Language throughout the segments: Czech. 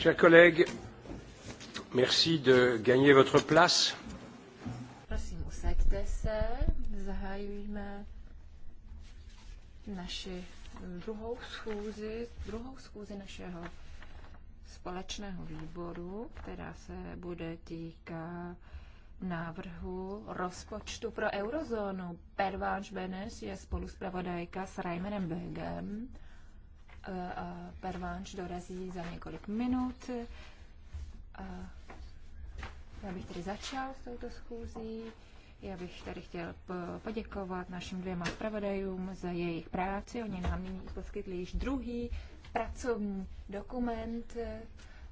Chers collègues, merci de gagner votre place. Prosím, usaďte se, zahajujeme naši druhou schůzi, druhou schůzi našeho společného výboru, která se bude týkat návrhu rozpočtu pro eurozónu. Perváš Benes je spolu s pravodajka s a Pervánč dorazí za několik minut. A já bych tedy začal s touto schůzí. Já bych tady chtěl poděkovat našim dvěma zpravodajům za jejich práci. Oni nám nyní poskytli již druhý pracovní dokument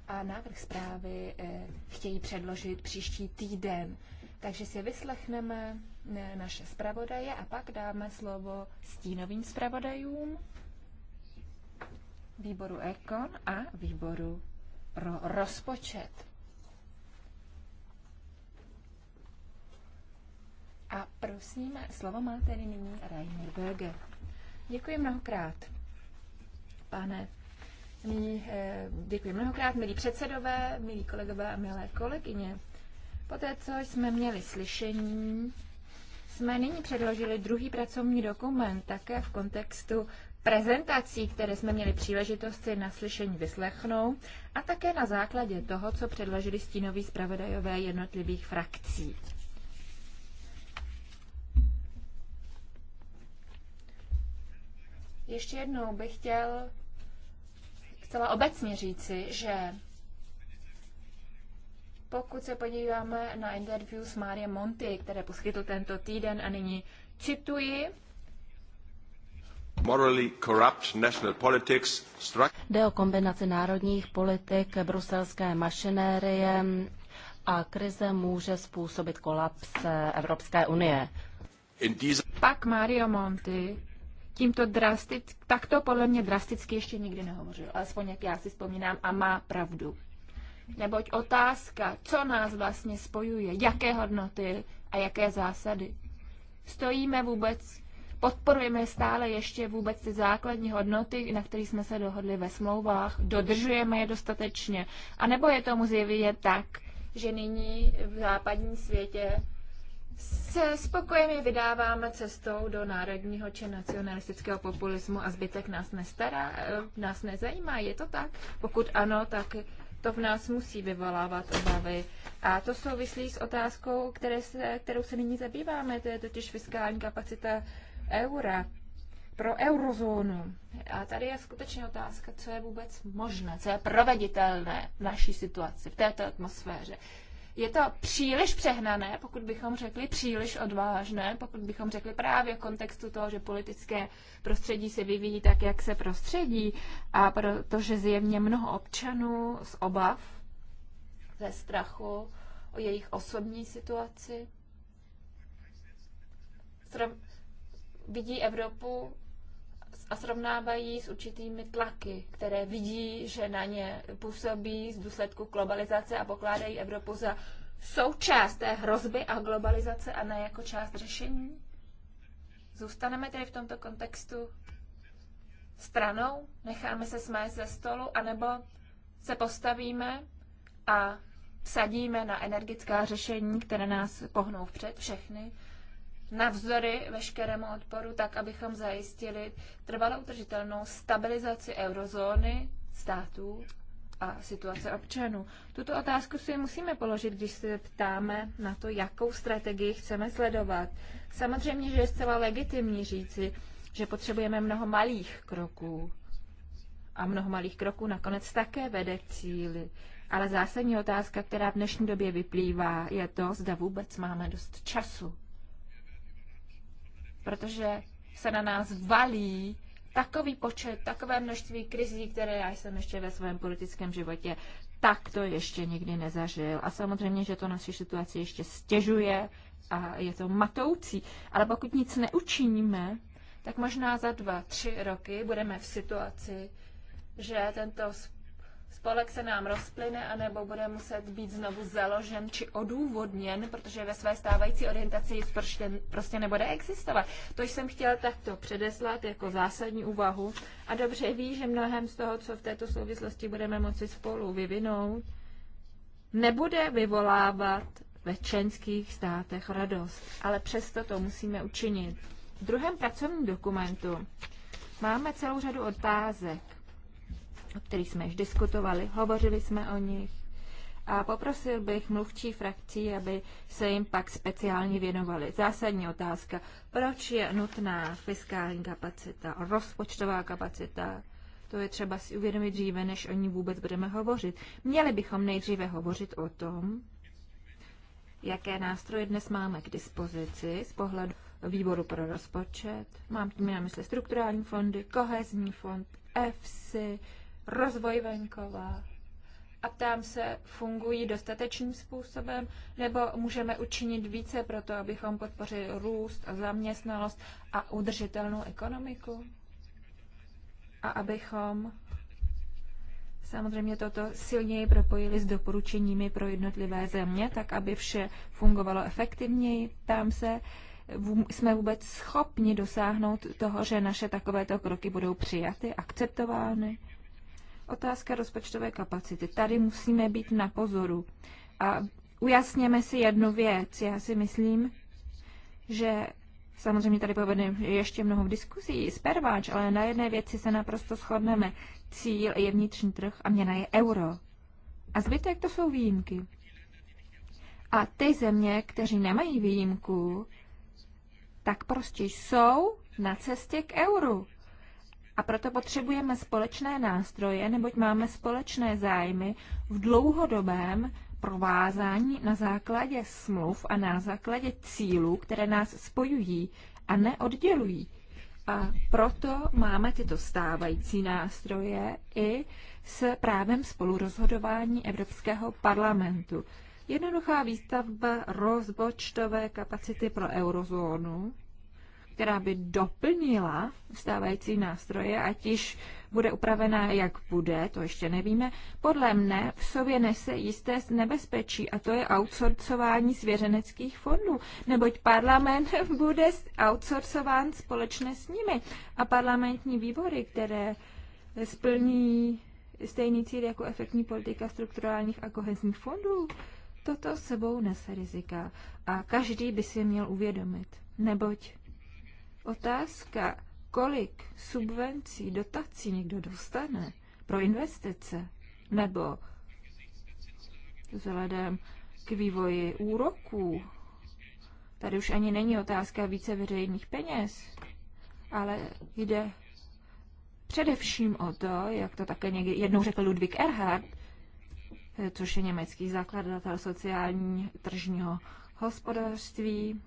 a návrh zprávy eh, chtějí předložit příští týden. Takže si vyslechneme eh, naše zpravodaje a pak dáme slovo stínovým zpravodajům výboru Ekon a výboru pro rozpočet. A prosím, slovo má tedy nyní Rainer Böge. Děkuji mnohokrát, pane. Milí, eh, děkuji mnohokrát, milí předsedové, milí kolegové a milé kolegyně. Poté, co jsme měli slyšení, jsme nyní předložili druhý pracovní dokument také v kontextu prezentací, které jsme měli příležitost si na slyšení vyslechnout a také na základě toho, co předložili stínoví zpravodajové jednotlivých frakcí. Ještě jednou bych chtěl chcela obecně říci, že pokud se podíváme na interview s Mária Monty, které poskytl tento týden a nyní cituji, Jde o kombinaci národních politik, bruselské mašinérie a krize může způsobit kolaps eh, Evropské unie. Pak Mario Monti tímto drastick, takto podle mě drasticky ještě nikdy nehovořil, alespoň jak já si vzpomínám a má pravdu. Neboť otázka, co nás vlastně spojuje, jaké hodnoty a jaké zásady. Stojíme vůbec podporujeme stále ještě vůbec ty základní hodnoty, na kterých jsme se dohodli ve smlouvách, dodržujeme je dostatečně. A nebo je tomu zjevně tak, že nyní v západním světě se spokojeně vydáváme cestou do národního či nacionalistického populismu a zbytek nás nestará, eh, nás nezajímá. Je to tak? Pokud ano, tak to v nás musí vyvolávat obavy. A to souvislí s otázkou, které se, kterou se nyní zabýváme, to je totiž fiskální kapacita eura, pro eurozónu. A tady je skutečně otázka, co je vůbec možné, co je proveditelné v naší situaci, v této atmosféře. Je to příliš přehnané, pokud bychom řekli příliš odvážné, pokud bychom řekli právě v kontextu toho, že politické prostředí se vyvíjí tak, jak se prostředí, a protože zjevně mnoho občanů z obav, ze strachu o jejich osobní situaci, vidí Evropu a srovnávají s určitými tlaky, které vidí, že na ně působí z důsledku globalizace a pokládají Evropu za součást té hrozby a globalizace a ne jako část řešení? Zůstaneme tedy v tomto kontextu stranou, necháme se smést ze stolu, anebo se postavíme a vsadíme na energická řešení, které nás pohnou vpřed všechny navzory veškerému odporu, tak abychom zajistili trvalou udržitelnou stabilizaci eurozóny, států a situace občanů. Tuto otázku si musíme položit, když se ptáme na to, jakou strategii chceme sledovat. Samozřejmě, že je zcela legitimní říci, že potřebujeme mnoho malých kroků. A mnoho malých kroků nakonec také vede k cíli. Ale zásadní otázka, která v dnešní době vyplývá, je to, zda vůbec máme dost času protože se na nás valí takový počet, takové množství krizí, které já jsem ještě ve svém politickém životě tak to ještě nikdy nezažil. A samozřejmě, že to naši situaci ještě stěžuje a je to matoucí. Ale pokud nic neučiníme, tak možná za dva, tři roky budeme v situaci, že tento spolek se nám rozplyne, anebo bude muset být znovu založen či odůvodněn, protože ve své stávající orientaci prostě, prostě nebude existovat. To jsem chtěla takto předeslat jako zásadní úvahu. A dobře ví, že mnohem z toho, co v této souvislosti budeme moci spolu vyvinout, nebude vyvolávat ve členských státech radost, ale přesto to musíme učinit. V druhém pracovním dokumentu máme celou řadu otázek o kterých jsme již diskutovali, hovořili jsme o nich a poprosil bych mluvčí frakcí, aby se jim pak speciálně věnovali. Zásadní otázka, proč je nutná fiskální kapacita, rozpočtová kapacita, to je třeba si uvědomit dříve, než o ní vůbec budeme hovořit. Měli bychom nejdříve hovořit o tom, jaké nástroje dnes máme k dispozici z pohledu výboru pro rozpočet. Mám tím na mysli strukturální fondy, kohezní fond, EFSI, rozvoj venkova. A ptám se, fungují dostatečným způsobem, nebo můžeme učinit více pro to, abychom podpořili růst, zaměstnanost a udržitelnou ekonomiku? A abychom samozřejmě toto silněji propojili s doporučeními pro jednotlivé země, tak aby vše fungovalo efektivněji. Ptám se, jsme vůbec schopni dosáhnout toho, že naše takovéto kroky budou přijaty, akceptovány? Otázka rozpočtové kapacity. Tady musíme být na pozoru. A ujasněme si jednu věc. Já si myslím, že samozřejmě tady povedeme ještě mnoho diskuzí s perváč, ale na jedné věci se naprosto shodneme. Cíl je vnitřní trh a měna je euro. A zbytek to jsou výjimky. A ty země, kteří nemají výjimku, tak prostě jsou na cestě k euru. A proto potřebujeme společné nástroje, neboť máme společné zájmy v dlouhodobém provázání na základě smluv a na základě cílů, které nás spojují a neoddělují. A proto máme tyto stávající nástroje i s právem spolurozhodování Evropského parlamentu. Jednoduchá výstavba rozpočtové kapacity pro eurozónu, která by doplnila stávající nástroje, ať již bude upravená, jak bude, to ještě nevíme, podle mne v sobě nese jisté nebezpečí a to je outsourcování svěřeneckých fondů, neboť parlament bude outsourcován společně s nimi a parlamentní výbory, které splní stejný cíl jako efektní politika strukturálních a kohezních fondů, toto sebou nese rizika a každý by si měl uvědomit, neboť Otázka, kolik subvencí, dotací někdo dostane pro investice, nebo vzhledem k vývoji úroků, tady už ani není otázka více veřejných peněz, ale jde především o to, jak to také někdy jednou řekl Ludwig Erhard, což je německý zakladatel sociální tržního hospodářství,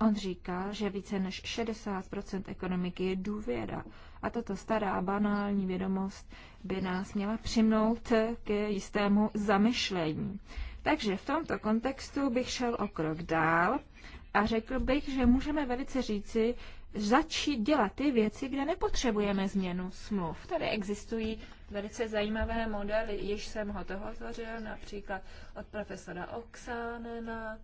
On říkal, že více než 60 ekonomiky je důvěra a tato stará banální vědomost by nás měla přimnout k jistému zamyšlení. Takže v tomto kontextu bych šel o krok dál a řekl bych, že můžeme velice říci, začít dělat ty věci, kde nepotřebujeme změnu smluv. Tady existují velice zajímavé modely, již jsem ho toho tvořil, například od profesora Oksánena,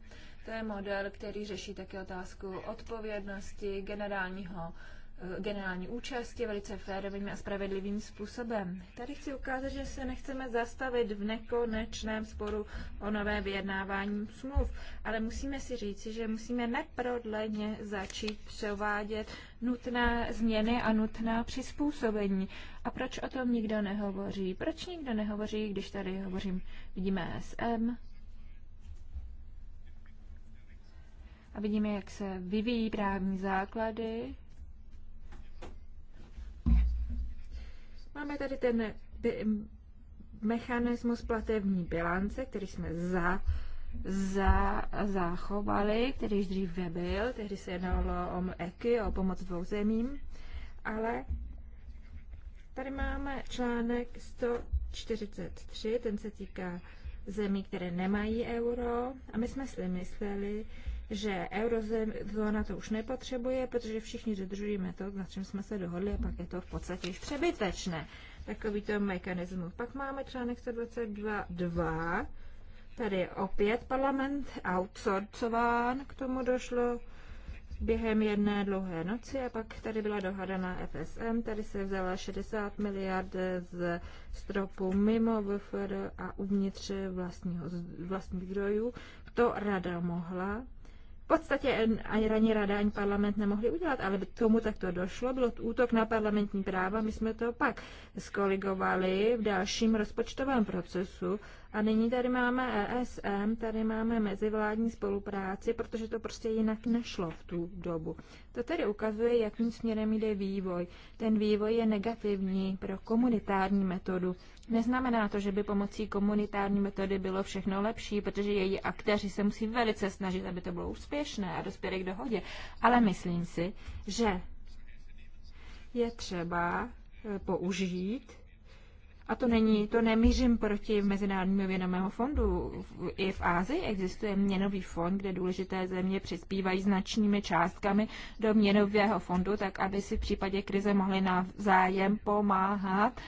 to je model, který řeší také otázku odpovědnosti generálního eh, generální účasti velice férovým a spravedlivým způsobem. Tady chci ukázat, že se nechceme zastavit v nekonečném sporu o nové vyjednávání smluv, ale musíme si říci, že musíme neprodleně začít převádět nutné změny a nutná přizpůsobení. A proč o tom nikdo nehovoří? Proč nikdo nehovoří, když tady hovořím, vidíme SM, a vidíme, jak se vyvíjí právní základy. Máme tady ten mechanismus platební bilance, který jsme za, za, zachovali, který již dřív byl, tehdy se jednalo o EKY, o pomoc dvou zemím, ale tady máme článek 143, ten se týká zemí, které nemají euro a my jsme si mysleli, že eurozóna to už nepotřebuje, protože všichni dodržujeme to, na čem jsme se dohodli a pak je to v podstatě již přebytečné. Takovýto mechanismus. Pak máme článek 122. Tady je opět parlament outsourcován, k tomu došlo během jedné dlouhé noci a pak tady byla dohada na FSM, tady se vzala 60 miliard z stropu mimo VFR a uvnitř vlastního, vlastních zdrojů. To rada mohla v podstatě ani raní rada, ani parlament nemohli udělat, ale tomu takto došlo. Bylo to útok na parlamentní práva, my jsme to pak skoligovali v dalším rozpočtovém procesu a nyní tady máme ESM, tady máme mezivládní spolupráci, protože to prostě jinak nešlo v tu dobu. To tedy ukazuje, jakým směrem jde vývoj. Ten vývoj je negativní pro komunitární metodu. Neznamená to, že by pomocí komunitární metody bylo všechno lepší, protože její aktéři se musí velice snažit, aby to bylo úspěšné a dospěli k dohodě. Ale myslím si, že je třeba eh, použít a to není, to nemířím proti Mezinárodnímu měnového fondu. I v Ázii existuje měnový fond, kde důležité země přispívají značnými částkami do měnového fondu, tak aby si v případě krize mohli navzájem pomáhat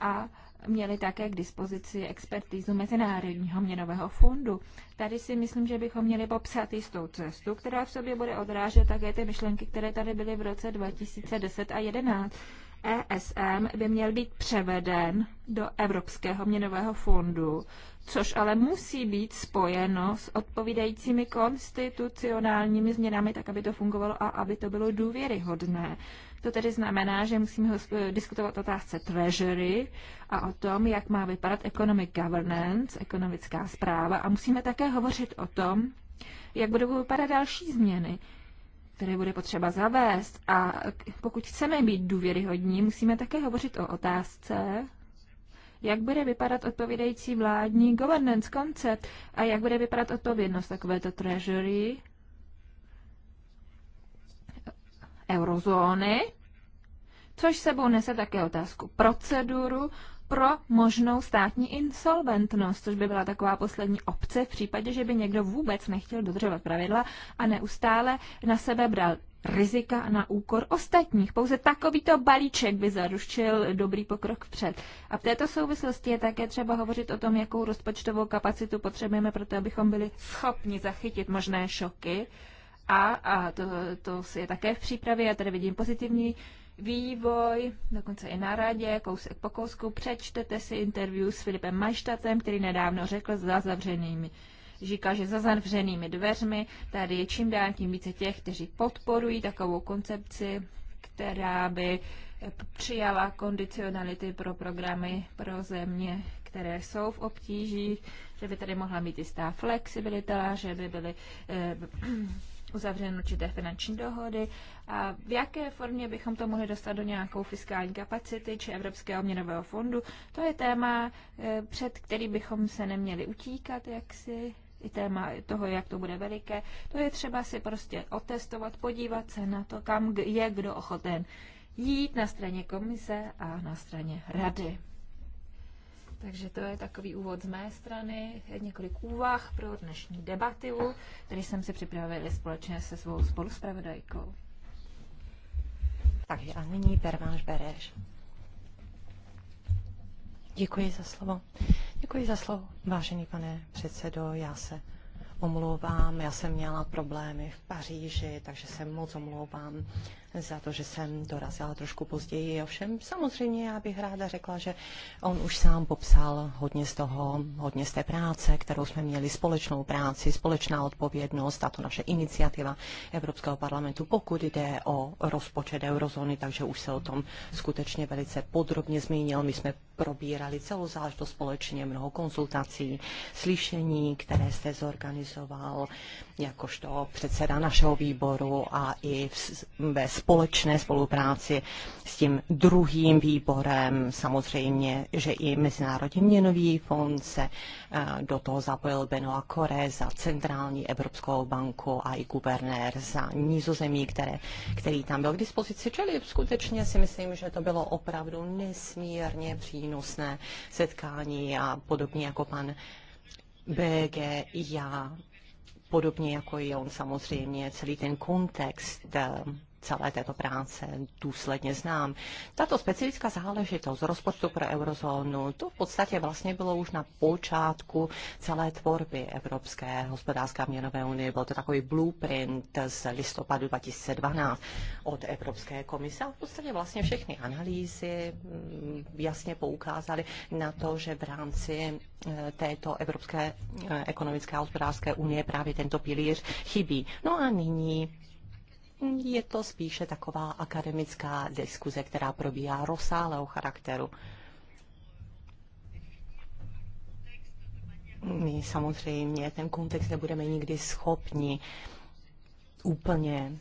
a měli také k dispozici expertízu Mezinárodního měnového fondu. Tady si myslím, že bychom měli popsat jistou cestu, která v sobě bude odrážet také ty myšlenky, které tady byly v roce 2010 a 2011 ESM by měl být převeden do Evropského měnového fondu, což ale musí být spojeno s odpovídajícími konstitucionálními změnami, tak aby to fungovalo a aby to bylo důvěryhodné. To tedy znamená, že musíme eh, diskutovat o otázce treasury a o tom, jak má vypadat economic governance, ekonomická zpráva a musíme také hovořit o tom, jak budou vypadat další změny které bude potřeba zavést. A pokud chceme být důvěryhodní, musíme také hovořit o otázce, jak bude vypadat odpovídající vládní governance koncept a jak bude vypadat odpovědnost takovéto treasury eurozóny, což sebou nese také otázku proceduru, pro možnou státní insolventnost, což by byla taková poslední obce v případě, že by někdo vůbec nechtěl dodržovat pravidla a neustále na sebe bral rizika na úkor ostatních. Pouze takovýto balíček by zaručil dobrý pokrok vpřed. A v této souvislosti je také třeba hovořit o tom, jakou rozpočtovou kapacitu potřebujeme pro to, abychom byli schopni zachytit možné šoky. A, a to, to je také v přípravě, já tady vidím pozitivní vývoj, dokonce i na radě, kousek po kousku. Přečtete si interview s Filipem Majštatem, který nedávno řekl za zavřenými říká, že za zavřenými dveřmi tady je čím dál tím více těch, kteří podporují takovou koncepci, která by přijala kondicionality pro programy pro země, které jsou v obtížích, že by tady mohla být jistá flexibilita, že by byly eh, uzavřeny určité finanční dohody a v jaké formě bychom to mohli dostat do nějakou fiskální kapacity či Evropského měnového fondu. To je téma, eh, před který bychom se neměli utíkat jaksi i téma toho, jak to bude veliké. To je třeba si prostě otestovat, podívat se na to, kam je kdo ochoten jít na straně komise a na straně rady. Takže to je takový úvod z mé strany, několik úvah pro dnešní debatu, který jsem si připravili společně se svou spoluspravodajkou. Takže a nyní Perváš Bereš. Děkuji za slovo. Děkuji za slovo, vážený pane předsedo. Já se omlouvám, já jsem měla problémy v Paříži, takže se moc omlouvám za to, že jsem dorazila trošku později. Ovšem samozřejmě já bych ráda řekla, že on už sám popsal hodně z toho, hodně z té práce, kterou jsme měli, společnou práci, společná odpovědnost, tato naše iniciativa Evropského parlamentu, pokud jde o rozpočet eurozóny, takže už se o tom skutečně velice podrobně zmínil. My jsme probírali celou záležitost společně, mnoho konzultací, slyšení, které jste zorganizoval, jakožto předseda našeho výboru a i v, ve společné spolupráci s tím druhým výborem. Samozřejmě, že i Mezinárodní měnový fond se eh, do toho zapojil a Kore za Centrální Evropskou banku a i guvernér za nízozemí, které, který tam byl k dispozici. Čili skutečně si myslím, že to bylo opravdu nesmírně přínosné setkání a podobně jako pan BG, já podobně jako i on samozřejmě celý ten kontext eh, celé této práce důsledně znám. Tato specifická záležitost rozpočtu pro eurozónu, to v podstatě vlastně bylo už na počátku celé tvorby Evropské hospodářské a měnové unie. Byl to takový blueprint z listopadu 2012 od Evropské komise a v podstatě vlastně všechny analýzy mm, jasně poukázaly na to, že v rámci e, této Evropské e, ekonomické a hospodářské unie právě tento pilíř chybí. No a nyní je to spíše taková akademická diskuze, která probíhá rozsáhlého charakteru. My samozřejmě ten kontext nebudeme nikdy schopni úplně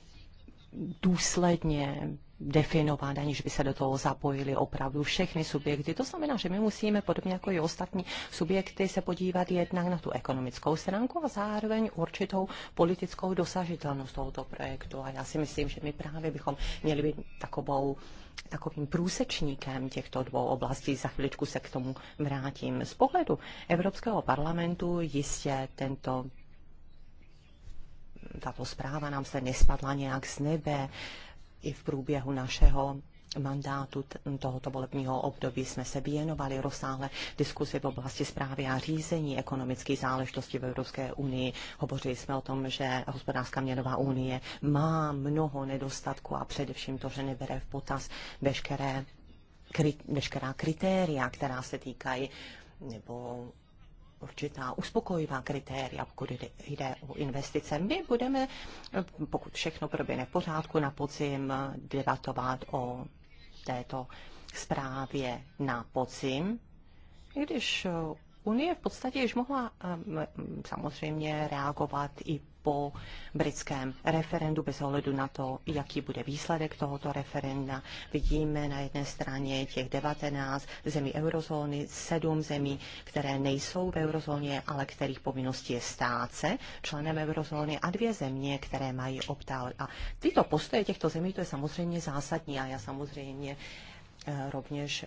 důsledně definovat, aniž by se do toho zapojili opravdu všechny subjekty. To znamená, že my musíme, podobně jako i ostatní subjekty, se podívat jednak na tu ekonomickou stránku a zároveň určitou politickou dosažitelnost tohoto projektu. A já si myslím, že my právě bychom měli být takovou takovým průsečníkem těchto dvou oblastí. Za chviličku se k tomu vrátím. Z pohledu Evropského parlamentu jistě tento tato zpráva nám se nespadla nějak z nebe i v průběhu našeho mandátu tohoto volebního období jsme se věnovali rozsáhlé diskusi v oblasti zprávy a řízení ekonomických záležitostí v Evropské unii. Hovořili jsme o tom, že hospodářská měnová unie má mnoho nedostatků a především to, že nebere v potaz veškeré, kri, veškerá kritéria, která se týkají nebo určitá uspokojivá kritéria, pokud jde o investice. My budeme, pokud všechno proběhne v pořádku, na podzim debatovat o této zprávě na podzim, i když unie v podstatě již mohla ehm, ehm, samozřejmě reagovat i po britském referendu bez ohledu na to, jaký bude výsledek tohoto referenda. Vidíme na jedné straně těch 19 zemí eurozóny, 7 zemí, které nejsou v eurozóně, ale kterých povinností je stát se členem eurozóny a dvě země, které mají optál. A tyto postoje těchto zemí, to je samozřejmě zásadní a já samozřejmě eh, rovněž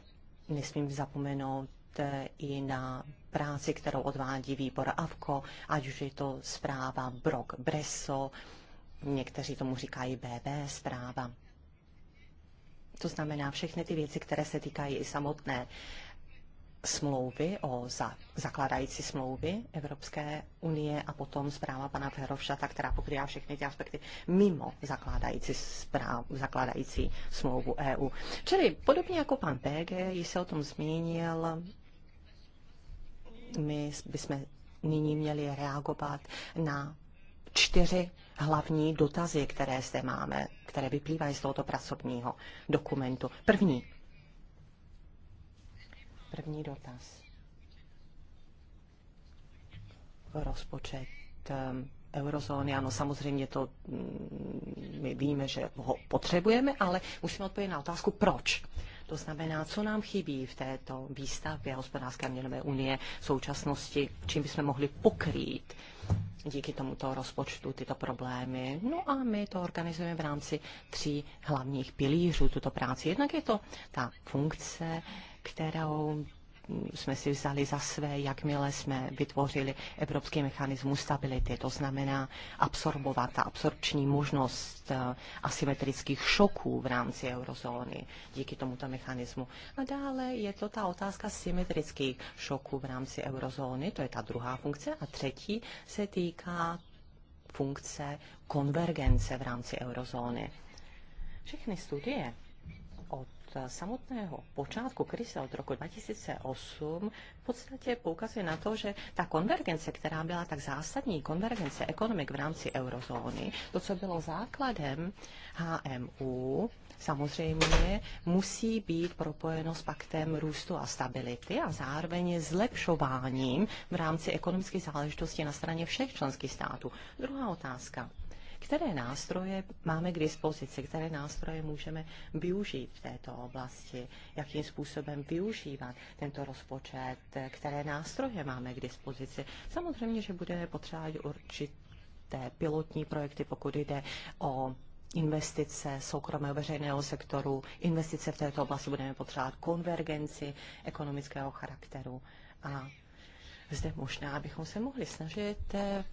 nesmím zapomenout i na práci, kterou odvádí výbor AVKO, ať už je to zpráva Brok Breso, někteří tomu říkají BB zpráva. To znamená všechny ty věci, které se týkají i samotné smlouvy o za, zakladající smlouvy Evropské unie a potom zpráva pana Ferovšata, která pokrývá všechny ty aspekty mimo zakládající, zpráv, zakládající smlouvu EU. Čili podobně jako pan PG, již se o tom zmínil, my bychom nyní měli reagovat na čtyři hlavní dotazy, které zde máme, které vyplývají z tohoto pracovního dokumentu. První. První dotaz. Rozpočet ehm, eurozóny, ano, samozřejmě to mm, my víme, že ho potřebujeme, ale musíme odpovědět na otázku, proč. To znamená, co nám chybí v této výstavbě hospodářské měnové unie v současnosti, čím bychom mohli pokrýt díky tomuto rozpočtu tyto problémy. No a my to organizujeme v rámci tří hlavních pilířů, tuto práci. Jednak je to ta funkce, kterou jsme si vzali za své, jakmile jsme vytvořili evropský mechanismus stability, to znamená absorbovat ta absorpční možnost eh, asymetrických šoků v rámci eurozóny díky tomuto mechanismu. A dále je to ta otázka symetrických šoků v rámci eurozóny, to je ta druhá funkce. A třetí se týká funkce konvergence v rámci eurozóny. Všechny studie od samotného počátku krize od roku 2008 v podstatě poukazuje na to, že ta konvergence, která byla tak zásadní, konvergence ekonomik v rámci eurozóny, to, co bylo základem HMU, samozřejmě musí být propojeno s paktem růstu a stability a zároveň zlepšováním v rámci ekonomických záležitostí na straně všech členských států. Druhá otázka. Které nástroje máme k dispozici, které nástroje můžeme využít v této oblasti, jakým způsobem využívat tento rozpočet, které nástroje máme k dispozici. Samozřejmě, že budeme potřebovat určité pilotní projekty, pokud jde o investice soukromého veřejného sektoru, investice v této oblasti budeme potřebovat konvergenci ekonomického charakteru a zde možná bychom se mohli snažit eh,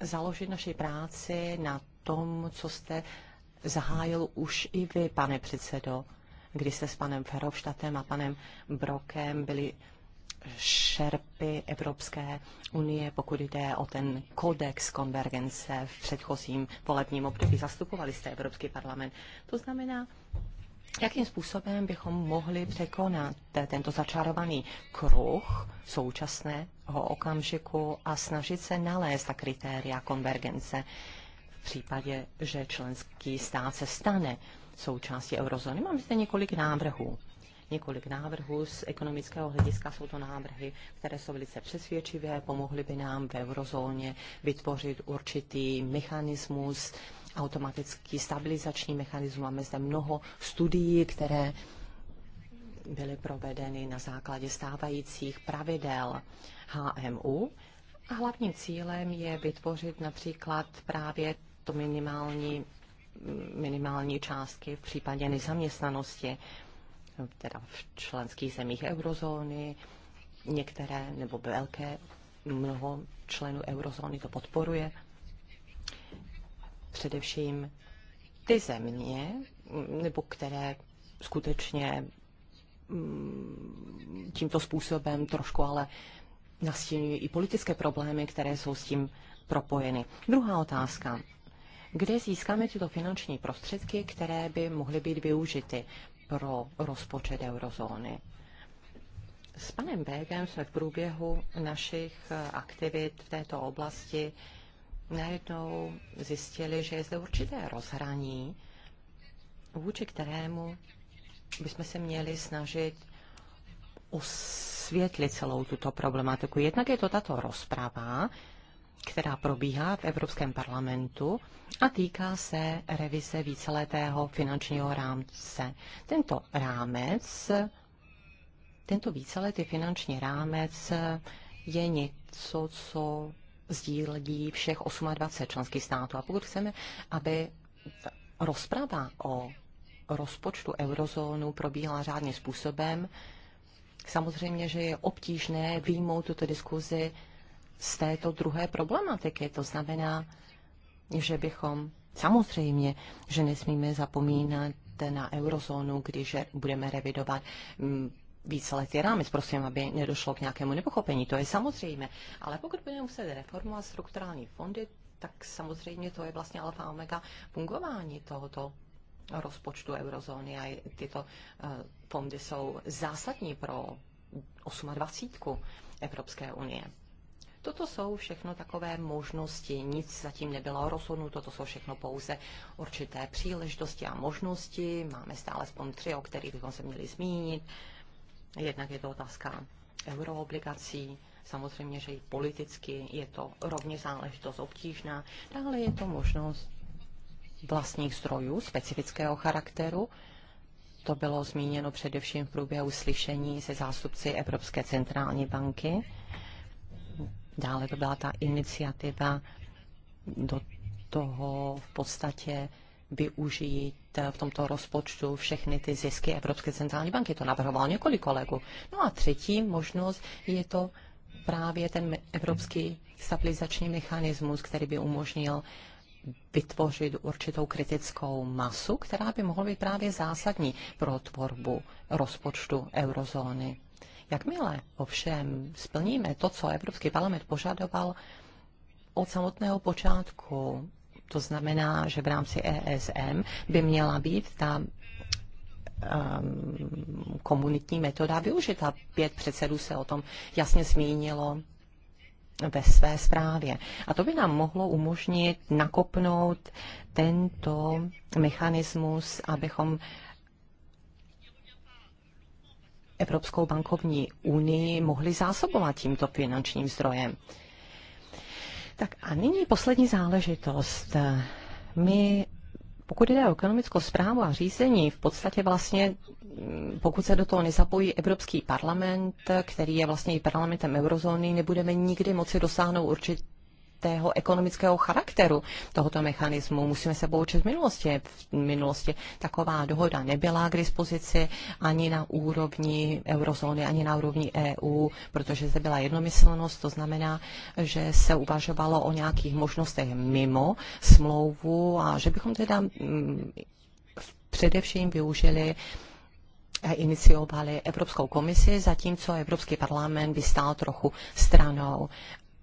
založit naši práci na tom, co jste zahájil už i vy, pane předsedo, kdy jste s panem Ferovštatem a panem Brokem byli šerpy Evropské unie, pokud jde o ten kodex konvergence v předchozím volebním období. Zastupovali jste Evropský parlament. To znamená, Jakým způsobem bychom mohli překonat tento začarovaný kruh současného okamžiku a snažit se nalézt ta kritéria konvergence v případě, že členský stát se stane součástí eurozóny? Mám zde několik návrhů několik návrhů. Z ekonomického hlediska jsou to návrhy, které jsou velice přesvědčivé, pomohly by nám v eurozóně vytvořit určitý mechanismus automatický stabilizační mechanismus. Máme zde mnoho studií, které byly provedeny na základě stávajících pravidel HMU. A hlavním cílem je vytvořit například právě to minimální, minimální částky v případě nezaměstnanosti, teda v členských zemích eurozóny, některé nebo velké mnoho členů eurozóny to podporuje především ty země, nebo které skutečně mm, tímto způsobem trošku ale nastínují i politické problémy, které jsou s tím propojeny. Druhá otázka. Kde získáme tyto finanční prostředky, které by mohly být využity pro rozpočet eurozóny? S panem Bégem jsme v průběhu našich eh, aktivit v této oblasti najednou zjistili, že je zde určité rozhraní, vůči kterému bychom se měli snažit osvětlit celou tuto problematiku. Jednak je to tato rozprava, která probíhá v Evropském parlamentu a týká se revize víceletého finančního rámce. Tento rámec, tento víceletý finanční rámec je něco, co sdílí všech 28 členských států. A pokud chceme, aby rozprava o rozpočtu eurozónu probíhala řádným způsobem, samozřejmě, že je obtížné výjmout tuto diskuzi z této druhé problematiky. To znamená, že bychom samozřejmě, že nesmíme zapomínat na eurozónu, když budeme revidovat mm, víceletý rámec, prosím, aby nedošlo k nějakému nepochopení, to je samozřejmě. Ale pokud budeme muset reformovat strukturální fondy, tak samozřejmě to je vlastně alfa omega fungování tohoto rozpočtu eurozóny a tyto eh, fondy jsou zásadní pro 28. Evropské unie. Toto jsou všechno takové možnosti, nic zatím nebylo rozhodnuto, to jsou všechno pouze určité příležitosti a možnosti. Máme stále spon tři, o kterých bychom se měli zmínit. Jednak je to otázka euroobligací, samozřejmě, že i politicky je to rovně záležitost obtížná. Dále je to možnost vlastních zdrojů specifického charakteru. To bylo zmíněno především v průběhu slyšení se zástupci Evropské centrální banky. Dále to byla ta iniciativa do toho v podstatě využít mít eh, v tomto rozpočtu všechny ty zisky Evropské centrální banky. To navrhovalo několik kolegů. No a třetí možnost je to právě ten evropský stabilizační mechanismus, který by umožnil vytvořit určitou kritickou masu, která by mohla být právě zásadní pro tvorbu rozpočtu eurozóny. Jakmile ovšem splníme to, co Evropský parlament požadoval od samotného počátku, to znamená, že v rámci ESM by měla být ta um, komunitní metoda využita. Pět předsedů se o tom jasně zmínilo ve své zprávě. A to by nám mohlo umožnit nakopnout tento mechanismus, abychom Evropskou bankovní unii mohli zásobovat tímto finančním zdrojem. Tak a nyní poslední záležitost. My pokud jde o ekonomickou zprávu a řízení, v podstatě vlastně, mm, pokud se do toho nezapojí Evropský parlament, který je vlastně i parlamentem eurozóny, nebudeme nikdy moci dosáhnout určitě určitého ekonomického charakteru tohoto mechanismu. Musíme se poučit v minulosti. V minulosti taková dohoda nebyla k dispozici ani na úrovni eurozóny, ani na úrovni EU, protože zde byla jednomyslnost, to znamená, že se uvažovalo o nějakých možnostech mimo smlouvu a že bychom teda mm, především využili eh, iniciovali Evropskou komisi, zatímco Evropský parlament by stál trochu stranou.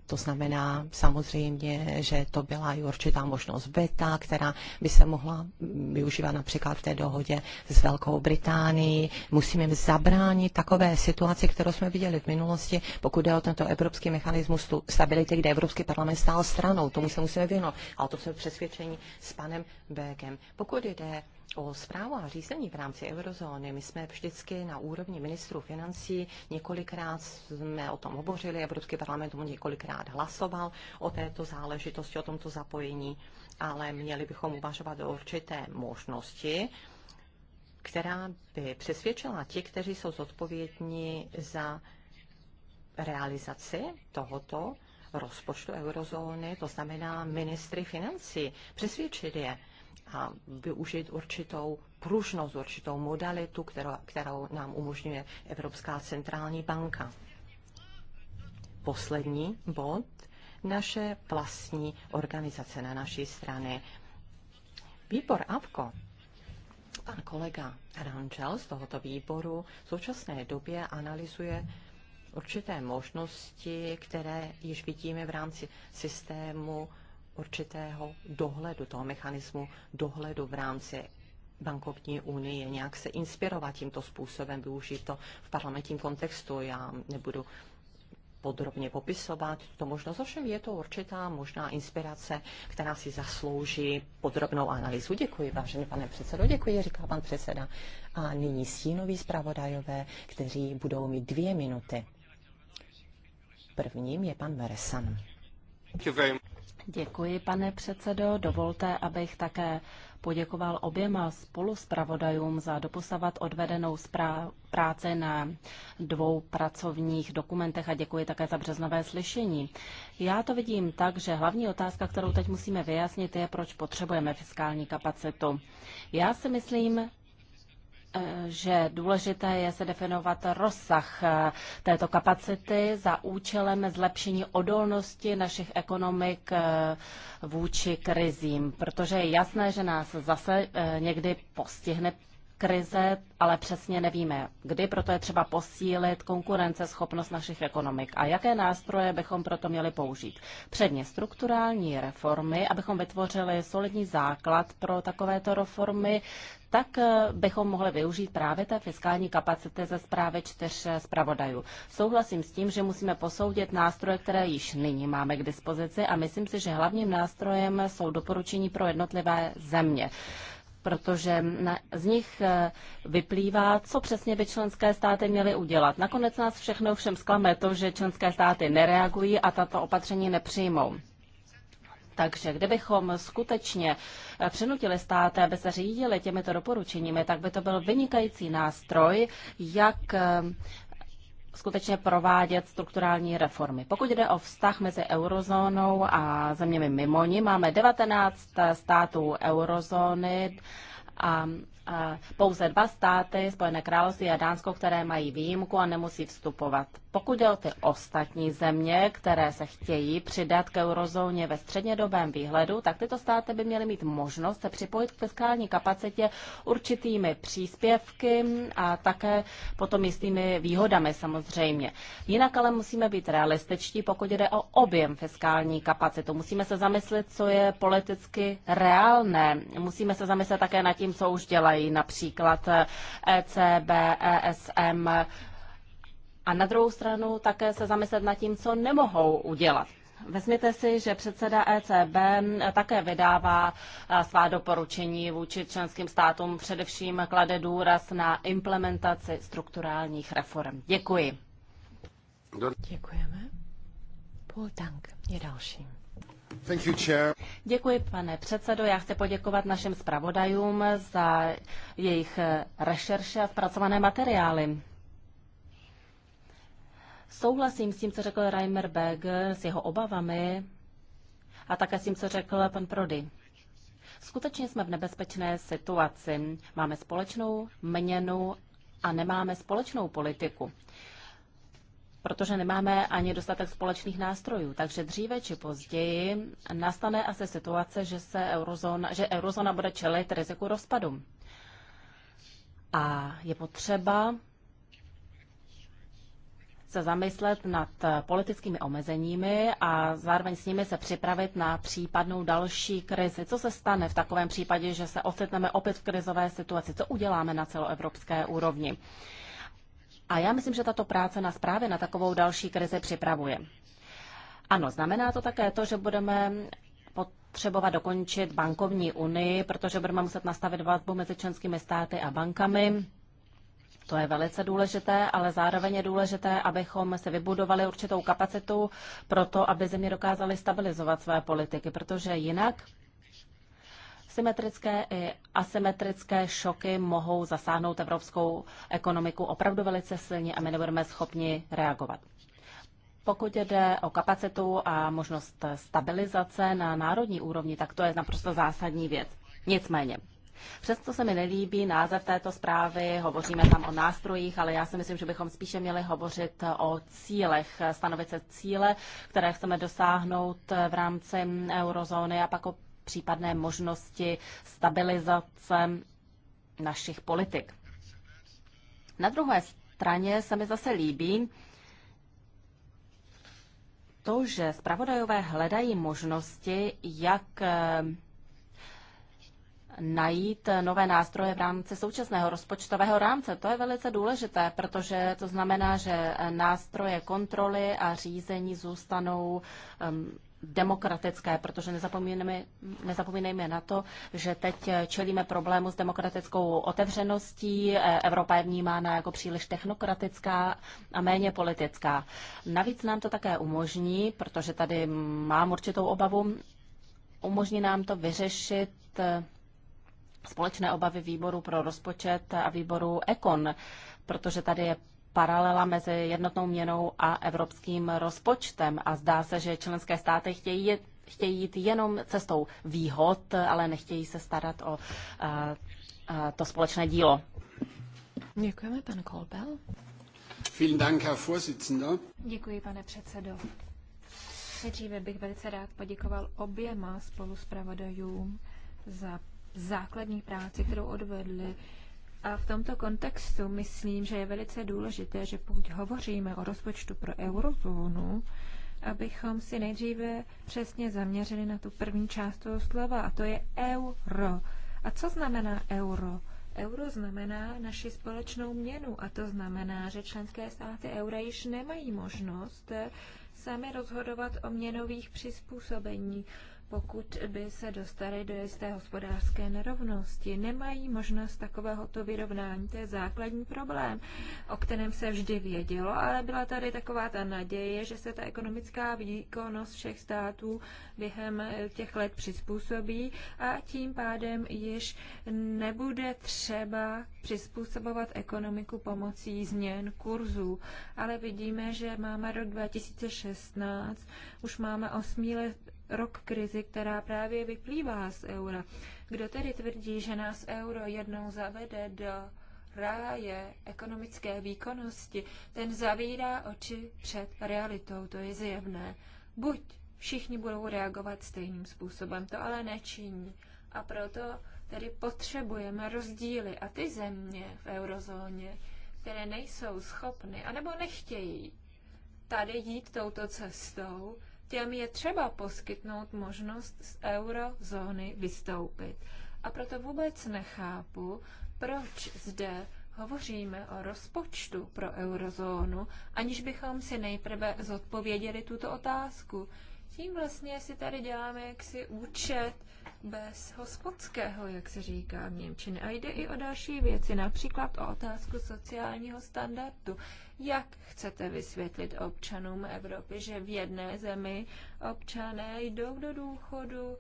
To znamená samozřejmě, že to byla i určitá možnost beta, která by se mohla využívat například v té dohodě s Velkou Británií. Musíme jim zabránit takové situaci, kterou jsme viděli v minulosti, pokud jde o tento evropský mechanismus stability, kde Evropský parlament stál stranou. Tomu se musíme věnovat. Ale to jsme přesvědčení s panem Bergem. Pokud jde o zprávu a řízení v rámci eurozóny. My jsme vždycky na úrovni ministrů financí, několikrát jsme o tom hovořili, Evropský parlament mu několikrát hlasoval o této záležitosti, o tomto zapojení, ale měli bychom uvažovat o určité možnosti, která by přesvědčila ti, kteří jsou zodpovědní za realizaci tohoto rozpočtu eurozóny, to znamená ministry financí, přesvědčit je a využít určitou pružnost, určitou modalitu, kterou, kterou nám umožňuje Evropská centrální banka. Poslední bod, naše vlastní organizace na naší straně. Výbor APKO, pan kolega Rangel z tohoto výboru v současné době analyzuje určité možnosti, které již vidíme v rámci systému určitého dohledu, toho mechanismu dohledu v rámci bankovní unie, nějak se inspirovat tímto způsobem, využít to v parlamentním kontextu. Já nebudu podrobně popisovat to možnost. Ovšem je to určitá možná inspirace, která si zaslouží podrobnou analýzu. Děkuji, vážený pane předsedo, děkuji, říká pan předseda. A nyní stínoví zpravodajové, kteří budou mít dvě minuty. Prvním je pan Meresan. Děkuji, pane předsedo. Dovolte, abych také poděkoval oběma spoluspravodajům za doposavat odvedenou práci na dvou pracovních dokumentech a děkuji také za březnové slyšení. Já to vidím tak, že hlavní otázka, kterou teď musíme vyjasnit, je, proč potřebujeme fiskální kapacitu. Já si myslím, Eh, že důležité je se definovat rozsah eh, této kapacity za účelem zlepšení odolnosti našich ekonomik eh, vůči krizím, protože je jasné, že nás zase někdy postihne krize, ale přesně nevíme kdy, proto je třeba posílit konkurenceschopnost našich ekonomik a jaké nástroje bychom proto měli použít. Předně strukturální reformy, abychom vytvořili solidní základ pro takovéto reformy, tak eh, bychom mohli využít právě té fiskální kapacity ze zprávy čtyř eh, zpravodajů. Souhlasím s tím, že musíme posoudit nástroje, které již nyní máme k dispozici a myslím si, že hlavním nástrojem jsou doporučení pro jednotlivé země protože z nich eh, vyplývá, co přesně by členské státy měly udělat. Nakonec nás všechno všem zklame to, že členské státy nereagují a tato opatření nepřijmou. Takže kdybychom skutečně eh, přenutili státy, aby se řídili těmito doporučeními, tak by to byl vynikající nástroj, jak eh, skutečně provádět strukturální reformy. Pokud jde o vztah mezi eurozónou a zeměmi mimo ní, máme 19 států eurozóny a pouze dva státy, Spojené království a Dánsko, které mají výjimku a nemusí vstupovat. Pokud jde o ty ostatní země, které se chtějí přidat k eurozóně ve střednědobém výhledu, tak tyto státy by měly mít možnost se připojit k fiskální kapacitě určitými příspěvky a také potom jistými výhodami samozřejmě. Jinak ale musíme být realističtí, pokud jde o objem fiskální kapacitu. Musíme se zamyslet, co je politicky reálné. Musíme se zamyslet také nad tím, co už dělají spadají, například ECB, eh, e ESM. A na druhou stranu také se zamyslet nad tím, co nemohou udělat. Vezměte si, že předseda ECB eh, také vydává eh, svá doporučení vůči členským státům, především klade důraz na implementaci strukturálních reform. Děkuji. Děkujeme. Paul Tank je dalším. Děkuji, pane předsedo. Já chci poděkovat našim zpravodajům za jejich rešerše a zpracované materiály. Souhlasím s tím, co řekl Reimer Berger, s jeho obavami a také s tím, co řekl pan Prody. Skutečně jsme v nebezpečné situaci. Máme společnou měnu a nemáme společnou politiku protože nemáme ani dostatek společných nástrojů. Takže dříve či později nastane asi situace, že, se eurozóna, že eurozóna bude čelit riziku rozpadu. A je potřeba se zamyslet nad politickými omezeními a zároveň s nimi se připravit na případnou další krizi. Co se stane v takovém případě, že se ocitneme opět v krizové situaci? Co uděláme na celoevropské úrovni? A já myslím, že tato práce nás právě na takovou další krizi připravuje. Ano, znamená to také to, že budeme potřebovat dokončit bankovní unii, protože budeme muset nastavit vazbu mezi členskými státy a bankami. To je velice důležité, ale zároveň je důležité, abychom se vybudovali určitou kapacitu pro to, aby země dokázaly stabilizovat své politiky, protože jinak asymetrické i asymetrické šoky mohou zasáhnout evropskou ekonomiku opravdu velice silně a my nebudeme schopni reagovat. Pokud jde o kapacitu a možnost stabilizace na národní úrovni, tak to je naprosto zásadní věc. Nicméně, Přesto se mi nelíbí název této zprávy, hovoříme tam o nástrojích, ale já si myslím, že bychom spíše měli hovořit o cílech, stanovit se cíle, které chceme dosáhnout v rámci eurozóny a pak o případné možnosti stabilizace našich politik. Na druhé straně se mi zase líbí to, že zpravodajové hledají možnosti, jak eh, najít nové nástroje v rámci současného rozpočtového rámce. To je velice důležité, protože to znamená, že nástroje kontroly a řízení zůstanou um, demokratické, protože nezapomínejme, na to, že teď čelíme problému s demokratickou otevřeností. Evropa je vnímána jako příliš technokratická a méně politická. Navíc nám to také umožní, protože tady mám určitou obavu, umožní nám to vyřešit společné obavy výboru pro rozpočet a výboru Ekon, protože tady je paralela mezi jednotnou měnou a evropským rozpočtem a zdá se, že členské státy chtějí jít, chtějí jít jenom cestou výhod, ale nechtějí se starat o a, a, to společné dílo. Děkujeme, pan Kolbel. Děkuji, pane předsedo. Nejdříve bych velice rád poděkoval oběma spoluspravodajům za základní práci, kterou odvedli a v tomto kontextu myslím, že je velice důležité, že pokud hovoříme o rozpočtu pro eurozónu, abychom si nejdříve přesně zaměřili na tu první část toho slova, a to je euro. A co znamená euro? Euro znamená naši společnou měnu a to znamená, že členské státy eura již nemají možnost sami rozhodovat o měnových přizpůsobení pokud by se dostali do jisté hospodářské nerovnosti. Nemají možnost takovéhoto vyrovnání, to je základní problém, o kterém se vždy vědělo, ale byla tady taková ta naděje, že se ta ekonomická výkonnost všech států během eh, těch let přizpůsobí a tím pádem již nebude třeba přizpůsobovat ekonomiku pomocí změn kurzů. Ale vidíme, že máme rok 2016, už máme osmý let rok krizi, která právě vyplývá z eura. Kdo tedy tvrdí, že nás euro jednou zavede do ráje ekonomické výkonnosti, ten zavírá oči před realitou, to je zjevné. Buď všichni budou reagovat stejným způsobem, to ale nečiní. A proto tedy potřebujeme rozdíly a ty země v eurozóně, které nejsou schopny anebo nechtějí tady jít touto cestou, těm je třeba poskytnout možnost z eurozóny vystoupit. A proto vůbec nechápu, proč zde hovoříme o rozpočtu pro eurozónu, aniž bychom si nejprve zodpověděli tuto otázku. Tím vlastně si tady děláme jaksi účet bez hospodského, jak se říká v Němčině. A jde i o další věci, například o otázku sociálního standardu. Jak chcete vysvětlit občanům Evropy, že v jedné zemi občané jdou do důchodu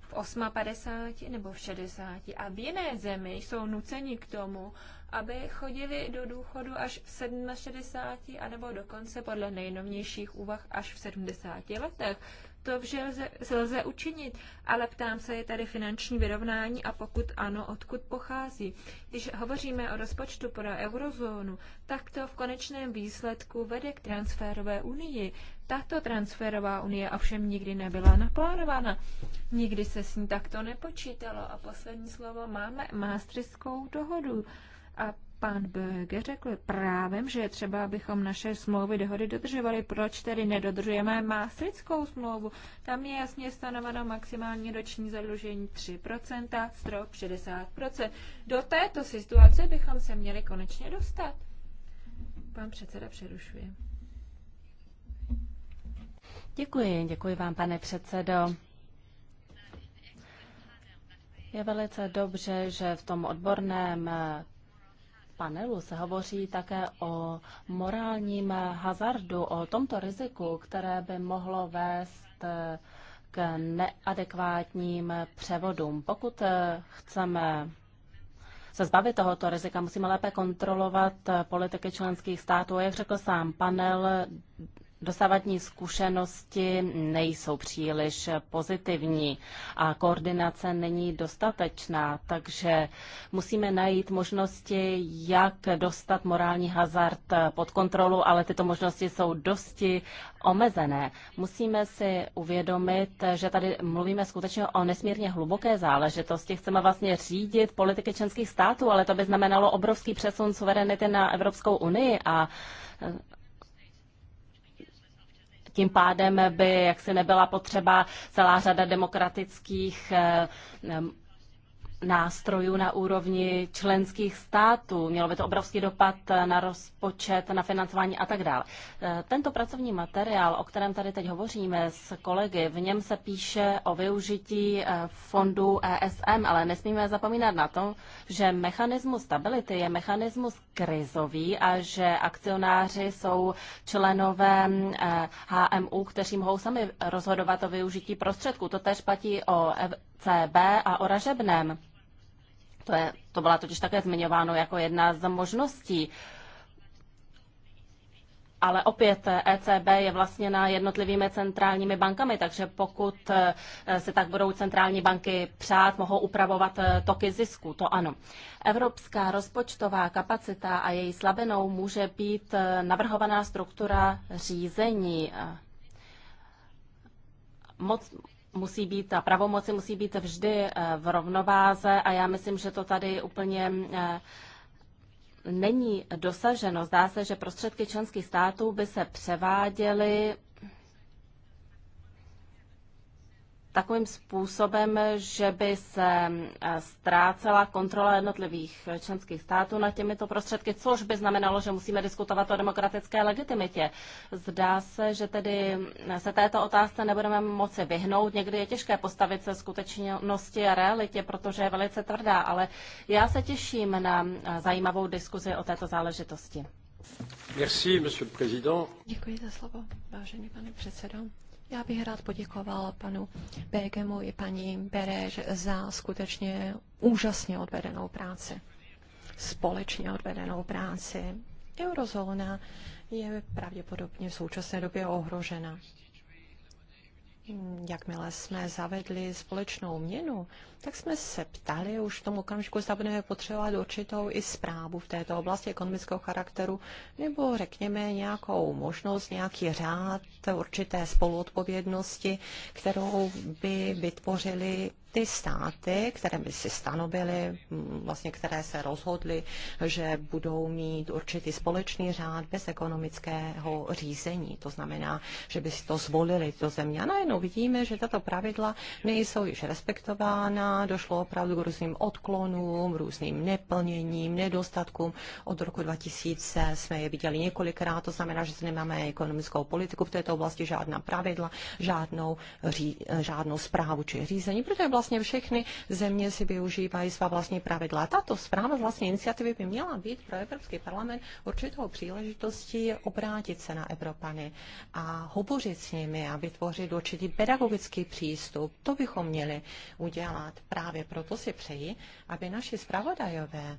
v 58 nebo v 60 a v jiné zemi jsou nuceni k tomu, aby chodili do důchodu až v 67, nebo dokonce podle nejnovnějších úvah až v 70 letech. To vše lze, se lze učinit, ale ptám se, je tady finanční vyrovnání a pokud ano, odkud pochází. Když hovoříme o rozpočtu pro eurozónu, tak to v konečném výsledku vede k transferové unii. Tato transferová unie ovšem nikdy nebyla naplánována. Nikdy se s ní takto nepočítalo. A poslední slovo máme Maastrichtskou dohodu. A pan Böge řekl právem, že je třeba, abychom naše smlouvy dohody dodržovali. Proč tedy nedodržujeme Maastrichtskou smlouvu? Tam je jasně stanoveno maximální roční zadlužení 3%, strop 60%. Do této situace bychom se měli konečně dostat. Pan předseda přerušuje. Děkuji, děkuji vám, pane předsedo. Je velice dobře, že v tom odborném panelu se hovoří také o morálním hazardu, o tomto riziku, které by mohlo vést eh, k neadekvátním převodům. Pokud eh, chceme se zbavit tohoto rizika, musíme lépe kontrolovat eh, politiky členských států. Jak řekl sám panel, Dosavadní zkušenosti nejsou příliš pozitivní a koordinace není dostatečná, takže musíme najít možnosti, jak dostat morální hazard pod kontrolu, ale tyto možnosti jsou dosti omezené. Musíme si uvědomit, že tady mluvíme skutečně o nesmírně hluboké záležitosti. Chceme vlastně řídit politiky členských států, ale to by znamenalo obrovský přesun suverenity na Evropskou unii a tím pádem by jaksi nebyla potřeba celá řada demokratických eh, nástrojů na úrovni členských států. Mělo by to obrovský dopad na rozpočet, na financování a tak dále. E, tento pracovní materiál, o kterém tady teď hovoříme s kolegy, v něm se píše o využití e, fondu ESM, ale nesmíme zapomínat na to, že mechanismus stability je mechanismus krizový a že akcionáři jsou členové e, HMU, kteří mohou sami rozhodovat o využití prostředků. To tež platí o CB a o ražebném. To, je, to byla totiž také zmiňováno jako jedna z možností. Ale opět ECB je vlastně na jednotlivými centrálními bankami, takže pokud eh, se tak budou centrální banky přát, mohou upravovat eh, toky zisku, to ano. Evropská rozpočtová kapacita a její slabenou může být eh, navrhovaná struktura řízení. Moc, musí být, ta pravomoci musí být vždy eh, v rovnováze a já myslím, že to tady úplně eh, není dosaženo. Zdá se, že prostředky členských států by se převáděly takovým způsobem, že by se eh, ztrácela kontrola jednotlivých členských států nad těmito prostředky, což by znamenalo, že musíme diskutovat o demokratické legitimitě. Zdá se, že tedy se této otázce nebudeme moci vyhnout. Někdy je těžké postavit se skutečnosti a realitě, protože je velice tvrdá, ale já se těším na eh, zajímavou diskuzi o této záležitosti. Merci, monsieur le président. Děkuji za slovo, vážený pane předsedo. Já bych rád poděkoval panu Begemu i paní Bereš za skutečně úžasně odvedenou práci. Společně odvedenou práci. Eurozóna je pravděpodobně v současné době ohrožena jakmile jsme zavedli společnou měnu, tak jsme se ptali už v tom okamžiku, zda budeme potřebovat určitou i zprávu v této oblasti ekonomického charakteru, nebo řekněme nějakou možnost, nějaký řád určité spoluodpovědnosti, kterou by vytvořili ty státy, které by si stanovily, mm, vlastně které se rozhodly, že budou mít určitý společný řád bez ekonomického řízení. To znamená, že by si to zvolili to země. A najednou vidíme, že tato pravidla nejsou již respektována, došlo opravdu k různým odklonům, různým neplněním, nedostatkům. Od roku 2000 jsme je viděli několikrát, to znamená, že nemáme ekonomickou politiku v této oblasti, žádná pravidla, žádnou, ří, žádnou zprávu či řízení, protože vlastně vlastně všechny země si využívají svá vlastní pravidla. Tato zpráva z vlastní iniciativy by měla být pro Evropský parlament určitou příležitostí obrátit se na Evropany a hovořit s nimi a vytvořit určitý pedagogický přístup. To bychom měli udělat. Právě proto si přeji, aby naši zpravodajové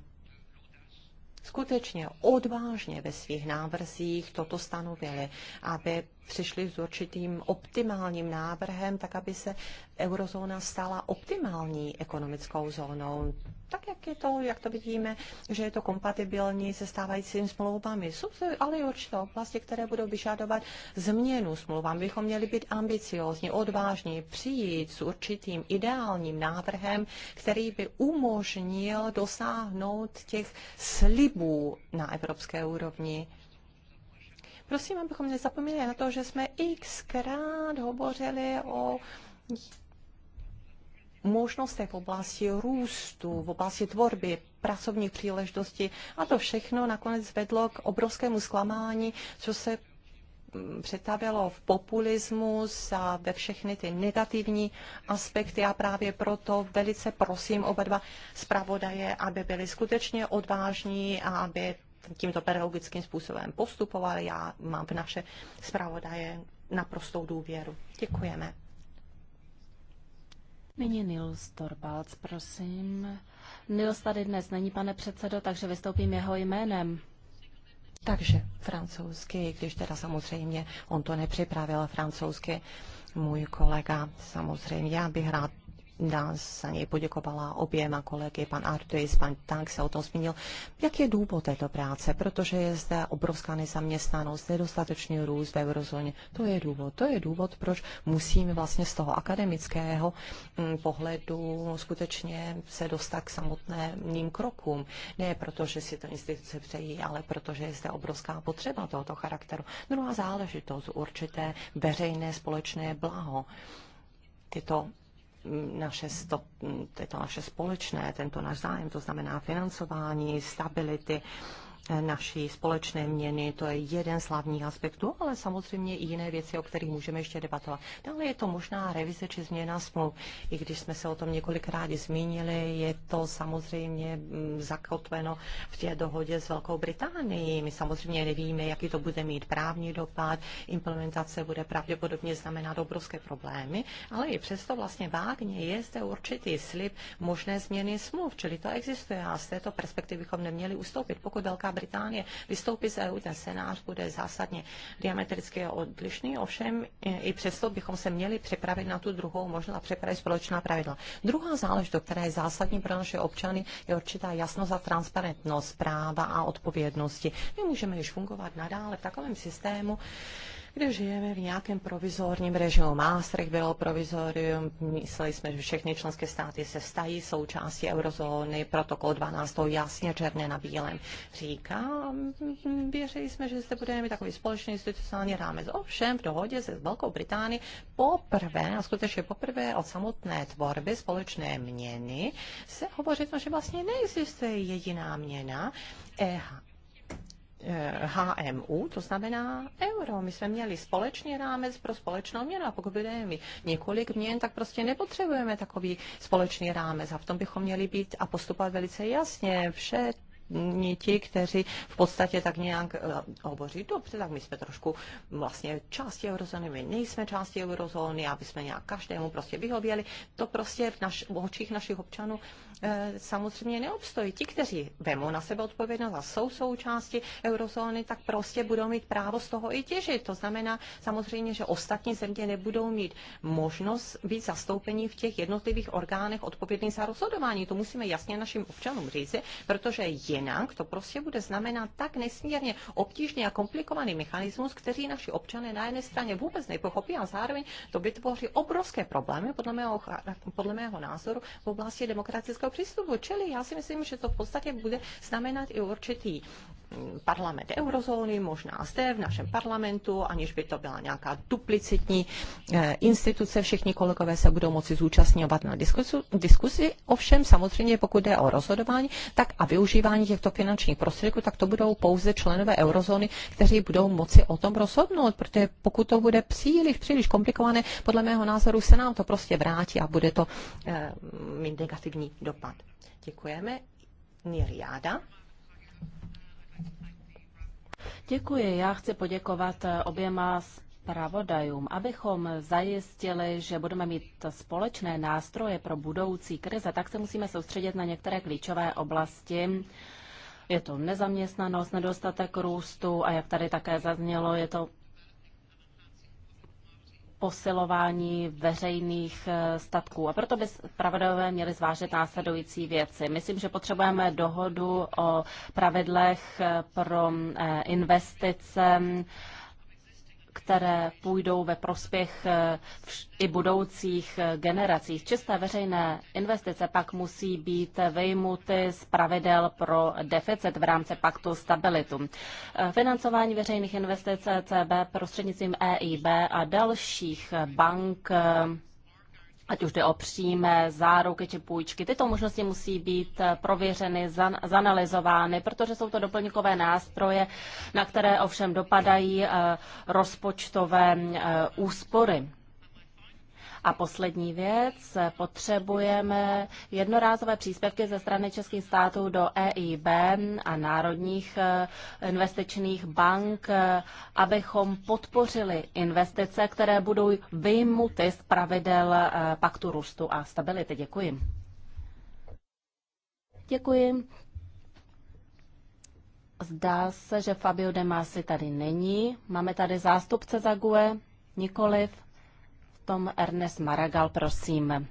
skutečně odvážně ve svých návrzích toto stanovili, aby přišli s určitým optimálním návrhem, tak aby se eurozóna stala optimální ekonomickou zónou. Tak jak je to, jak to vidíme, že je to kompatibilní se stávajícími smlouvami. Jsou ale určité oblasti, které budou vyžadovat změnu smlouvám. Bychom měli být ambiciózní, odvážní, přijít s určitým ideálním návrhem, který by umožnil dosáhnout těch slibů na evropské úrovni. Prosím, abychom nezapomněli na to, že jsme xkrát hovořili o možnostech v oblasti růstu, v oblasti tvorby, pracovních příležitostí a to všechno nakonec vedlo k obrovskému zklamání, co se mm, přetavilo v populismus a ve všechny ty negativní aspekty a právě proto velice prosím oba dva zpravodaje, aby byli skutečně odvážní a aby tímto pedagogickým způsobem postupovali. Já mám v naše zpravodaje naprostou důvěru. Děkujeme. Nyní Nils Torbalc, prosím. Nils tady dnes není, pane předsedo, takže vystoupím jeho jménem. Takže francouzsky, když teda samozřejmě on to nepřipravil francouzsky, můj kolega samozřejmě, já bych rád nás za něj poděkovala oběma kolegy, pan Artuis, pan Tank se o tom zmínil. Jak je důvod této práce? Protože je zde obrovská nezaměstnanost, nedostatečný růst v eurozóně. To je důvod. To je důvod, proč musíme vlastně z toho akademického mm, pohledu skutečně se dostat k samotným krokům. Ne proto, že si to instituce přejí, ale protože je zde obrovská potřeba tohoto charakteru. Druhá záležitost, určité veřejné společné blaho. Tyto naše, sto, to naše společné, tento náš zájem, to znamená financování, stability, naší společné měny, to je jeden z hlavních aspektů, ale samozřejmě i jiné věci, o kterých můžeme ještě debatovat. Dále je to možná revize či změna smluv. I když jsme se o tom několikrát zmínili, je to samozřejmě mm, zakotveno v té dohodě s Velkou Británií. My samozřejmě nevíme, jaký to bude mít právní dopad, implementace bude pravděpodobně znamenat obrovské problémy, ale i přesto vlastně vágně je zde určitý slib možné změny smluv, čili to existuje a z této perspektivy bychom neměli ustoupit. Pokud Velká Británie vystoupí z EU, ten scénář bude zásadně diametricky odlišný, ovšem i přesto bychom se měli připravit na tu druhou možnost a připravit společná pravidla. Druhá záležitost, která je zásadní pro naše občany, je určitá jasnost a transparentnost práva a odpovědnosti. My můžeme již fungovat nadále v takovém systému, kde žijeme v nějakém provizorním režimu. Maastricht bylo provizorium, mysleli jsme, že všechny členské státy se stají součástí eurozóny, protokol 12. jasně černé na bílém říká. Věřili jsme, že zde budeme mít takový společný institucionální rámec. Ovšem v dohodě se s Velkou Británií poprvé, a skutečně poprvé od samotné tvorby společné měny, se hovoří o tom, že vlastně neexistuje jediná měna, EHA. HMU, eh, to znamená euro. My jsme měli společný rámec pro společnou měnu a pokud budeme mít několik měn, tak prostě nepotřebujeme takový společný rámec a v tom bychom měli být a postupovat velice jasně. Vše všichni ti, kteří v podstatě tak nějak eh, hovoří, dobře, tak my jsme trošku vlastně části eurozóny, my nejsme části eurozóny, aby jsme nějak každému prostě vyhověli. To prostě v, naš, v očích našich občanů eh, samozřejmě neobstojí. Ti, kteří vemou na sebe odpovědnost a jsou součástí eurozóny, tak prostě budou mít právo z toho i těžit. To znamená samozřejmě, že ostatní země nebudou mít možnost být zastoupení v těch jednotlivých orgánech odpovědných za rozhodování. To musíme jasně našim občanům říct, protože jen jinak to prostě bude znamenat tak nesmírně obtížný a komplikovaný mechanismus, který naši občané na jedné straně vůbec nepochopí a zároveň to vytvoří obrovské problémy, podle mého, podle mého názoru, v oblasti demokratického přístupu. Čili já si myslím, že to v podstatě bude znamenat i určitý parlament eurozóny, možná zde v našem parlamentu, aniž by to byla nějaká duplicitní eh, instituce. Všichni kolegové se budou moci zúčastňovat na diskusi, diskusi. Ovšem samozřejmě, pokud jde o rozhodování, tak a využívání těchto finančních prostředků, tak to budou pouze členové eurozóny, kteří budou moci o tom rozhodnout, protože pokud to bude příliš, příliš komplikované, podle mého názoru se nám to prostě vrátí a bude to eh, mít negativní dopad. Děkujeme. Niriáda. Děkuji. Já chci poděkovat eh, oběma zpravodajům, abychom zajistili, že budeme mít společné nástroje pro budoucí krize, tak se musíme soustředit na některé klíčové oblasti. Je to nezaměstnanost, nedostatek růstu a jak tady také zaznělo, je to posilování veřejných eh, statků. A proto by pravidlové měli zvážit následující věci. Myslím, že potřebujeme dohodu o pravidlech eh, pro eh, investice které půjdou ve prospěch eh, i budoucích eh, generací. Čisté veřejné investice pak musí být vyjmuty z pravidel pro deficit v rámci paktu stabilitu. Eh, financování veřejných investic CB prostřednictvím EIB a dalších bank ať už jde o příjme, záruky či půjčky. Tyto možnosti musí být eh, prověřeny, zanalizovány, protože jsou to doplňkové nástroje, na které ovšem dopadají eh, rozpočtové eh, úspory. A poslední věc, potřebujeme jednorázové příspěvky ze strany českých států do EIB a národních eh, investičních bank, eh, abychom podpořili investice, které budou vyjmuty z pravidel eh, paktu růstu a stability. Děkuji. Děkuji. Zdá se, že Fabio Demasi tady není. Máme tady zástupce za GUE? Nikoliv potom Ernest Maragal, prosím.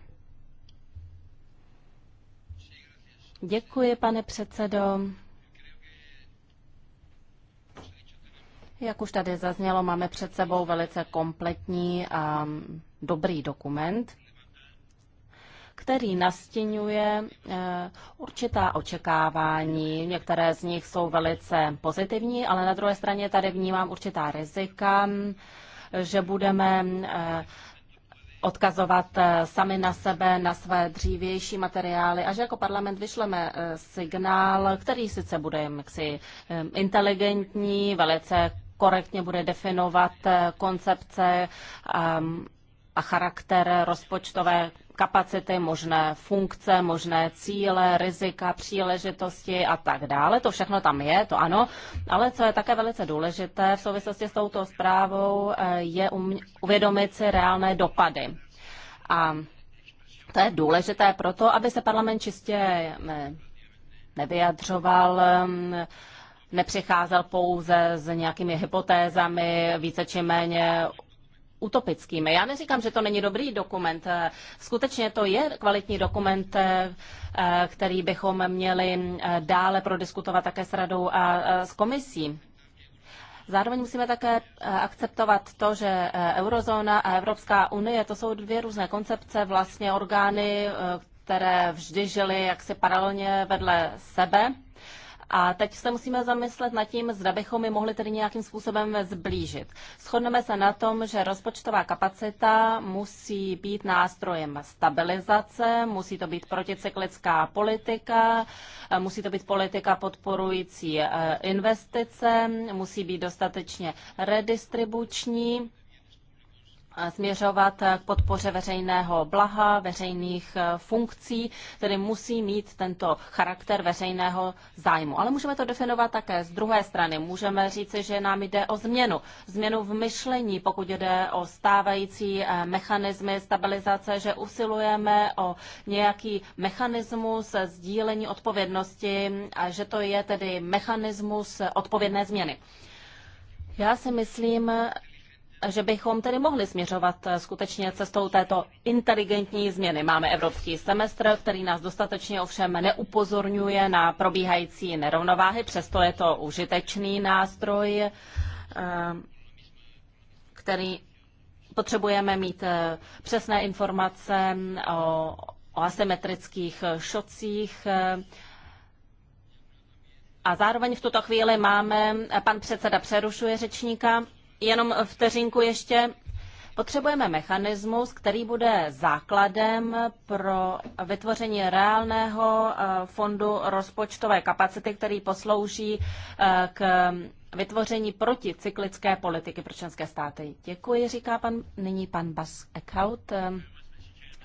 Děkuji, pane předsedo. Jak už tady zaznělo, máme před sebou velice kompletní a dobrý dokument, který nastínuje eh, určitá očekávání. Některé z nich jsou velice pozitivní, ale na druhé straně tady vnímám určitá rizika, že budeme eh, odkazovat eh, sami na sebe, na své dřívější materiály a že jako parlament vyšleme eh, signál, který sice bude jaksi eh, inteligentní, velice korektně bude definovat koncepce ehm, a charakter rozpočtové kapacity, možné funkce, možné cíle, rizika, příležitosti a tak dále. To všechno tam je, to ano. Ale co je také velice důležité v souvislosti s touto zprávou, eh, je uvědomit si reálné dopady. A to je důležité proto, aby se parlament čistě eh, nevyjadřoval eh, nepřicházel pouze s nějakými hypotézami, více či méně utopickými. Já neříkám, že to není dobrý dokument. Eh, skutečně to je kvalitní dokument, eh, eh, který bychom měli dále prodiskutovat také s radou a s komisí. Zároveň musíme také akceptovat to, že eurozóna a Evropská unie to jsou dvě různé koncepce, vlastně orgány, které vždy žily jaksi paralelně vedle sebe. A teď se musíme zamyslet nad tím, zda bychom je mohli tedy nějakým způsobem zblížit. Shodneme se na tom, že rozpočtová kapacita musí být nástrojem stabilizace, musí to být proticyklická politika, eh, musí to být politika podporující eh, investice, musí být dostatečně redistribuční směřovat k podpoře veřejného blaha, veřejných eh, funkcí, tedy musí mít tento charakter veřejného zájmu. Ale můžeme to definovat také z druhé strany. Můžeme říci, že nám jde o změnu. Změnu v myšlení, pokud jde o stávající eh, mechanismy stabilizace, že usilujeme o nějaký mechanismus sdílení odpovědnosti, a že to je tedy mechanismus odpovědné změny. Já si myslím, že bychom tedy mohli směřovat eh, skutečně cestou této inteligentní změny. Máme evropský semestr, který nás dostatečně ovšem neupozorňuje na probíhající nerovnováhy, přesto je to užitečný nástroj, eh, který potřebujeme mít eh, přesné informace o, o asymetrických šocích, a zároveň v tuto chvíli máme, pan předseda přerušuje řečníka jenom vteřinku ještě. Potřebujeme mechanismus, který bude základem pro vytvoření reálného eh, fondu rozpočtové kapacity, který poslouží eh, k vytvoření proticyklické politiky pro členské státy. Děkuji, říká pan, nyní pan Bas Eckhout.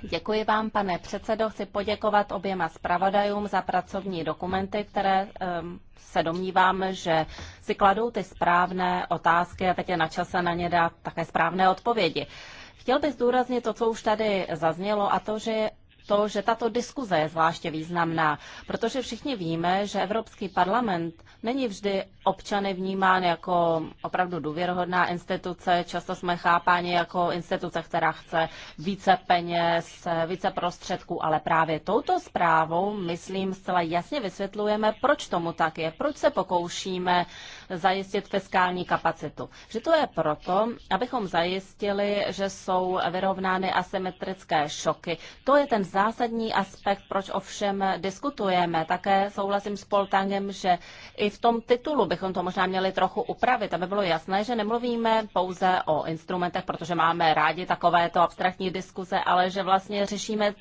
Děkuji vám, pane předsedo. Chci poděkovat oběma zpravodajům za pracovní dokumenty, které ehm, se domnívám, že si kladou ty správné otázky a teď je na čase na ně dát také správné odpovědi. Chtěl bych zdůraznit to, co už tady zaznělo, a to, že to, že tato diskuze je zvláště významná, protože všichni víme, že Evropský parlament není vždy občany vnímán jako opravdu důvěrohodná instituce. Často jsme chápáni jako instituce, která chce více peněz, více prostředků, ale právě touto zprávou, myslím, zcela jasně vysvětlujeme, proč tomu tak je, proč se pokoušíme zajistit fiskální kapacitu. Že to je proto, abychom zajistili, že jsou vyrovnány asymetrické šoky. To je ten zásadní aspekt, proč ovšem diskutujeme. Také souhlasím s Poltangem, že i v tom titulu bychom to možná měli trochu upravit, aby bylo jasné, že nemluvíme pouze o instrumentech, protože máme rádi takovéto abstraktní diskuze, ale že vlastně řešíme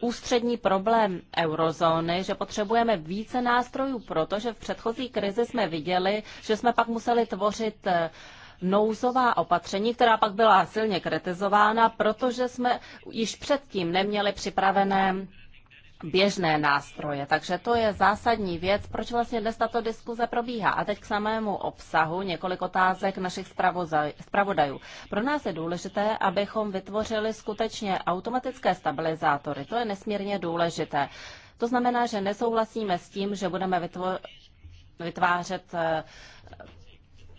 ústřední problém eurozóny, že potřebujeme více nástrojů, protože v předchozí krizi jsme viděli, že jsme pak museli tvořit eh, nouzová opatření, která pak byla silně kritizována, protože jsme již předtím neměli připravené běžné nástroje. Takže to je zásadní věc, proč vlastně dnes tato diskuze probíhá. A teď k samému obsahu několik otázek našich zpravodajů. Pro nás je důležité, abychom vytvořili skutečně automatické stabilizátory. To je nesmírně důležité. To znamená, že nesouhlasíme s tím, že budeme vytvořit vytvářet eh,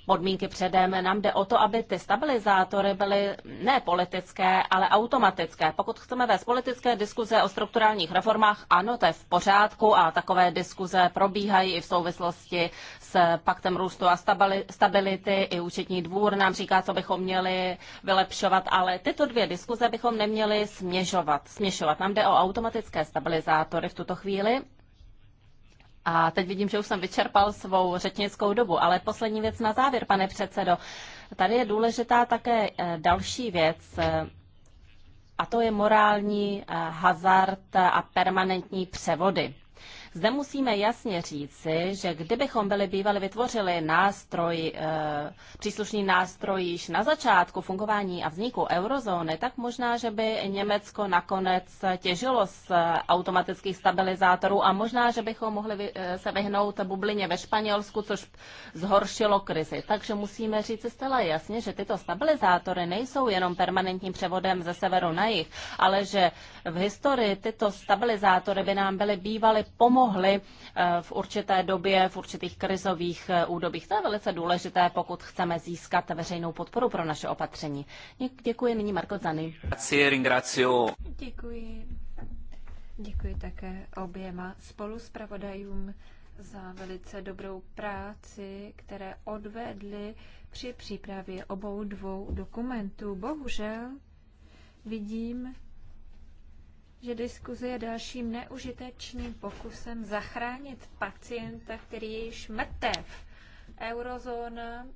podmínky předem. Nám jde o to, aby ty stabilizátory byly ne politické, ale automatické. Pokud chceme vést politické diskuze o strukturálních reformách, ano, to je v pořádku a takové diskuze probíhají i v souvislosti s paktem růstu a stability. I účetní dvůr nám říká, co bychom měli vylepšovat, ale tyto dvě diskuze bychom neměli směšovat. směšovat. Nám jde o automatické stabilizátory v tuto chvíli a teď vidím, že už jsem vyčerpal svou řečnickou dobu, ale poslední věc na závěr, pane předsedo. Tady je důležitá také eh, další věc, eh, a to je morální eh, hazard a permanentní převody. Zde musíme jasně říci, že kdybychom byli bývali vytvořili nástroj, eh, příslušný nástroj již na začátku fungování a vzniku eurozóny, tak možná, že by Německo nakonec těžilo z automatických stabilizátorů a možná, že bychom mohli eh, se vyhnout bublině ve Španělsku, což zhoršilo krizi. Takže musíme říci zcela jasně, že tyto stabilizátory nejsou jenom permanentním převodem ze severu na jih, ale že v historii tyto stabilizátory by nám byly bývaly pomoci pomohly eh, v určité době, v určitých krizových eh, údobích. To je velice důležité, pokud chceme získat veřejnou podporu pro naše opatření. Děkuji nyní Marko Zany. Děkuji. Děkuji také oběma spoluspravodajům za velice dobrou práci, které odvedli při přípravě obou dvou dokumentů. Bohužel vidím, že diskuze je dalším neužitečným pokusem zachránit pacienta, který je již mrtev. Eurozóna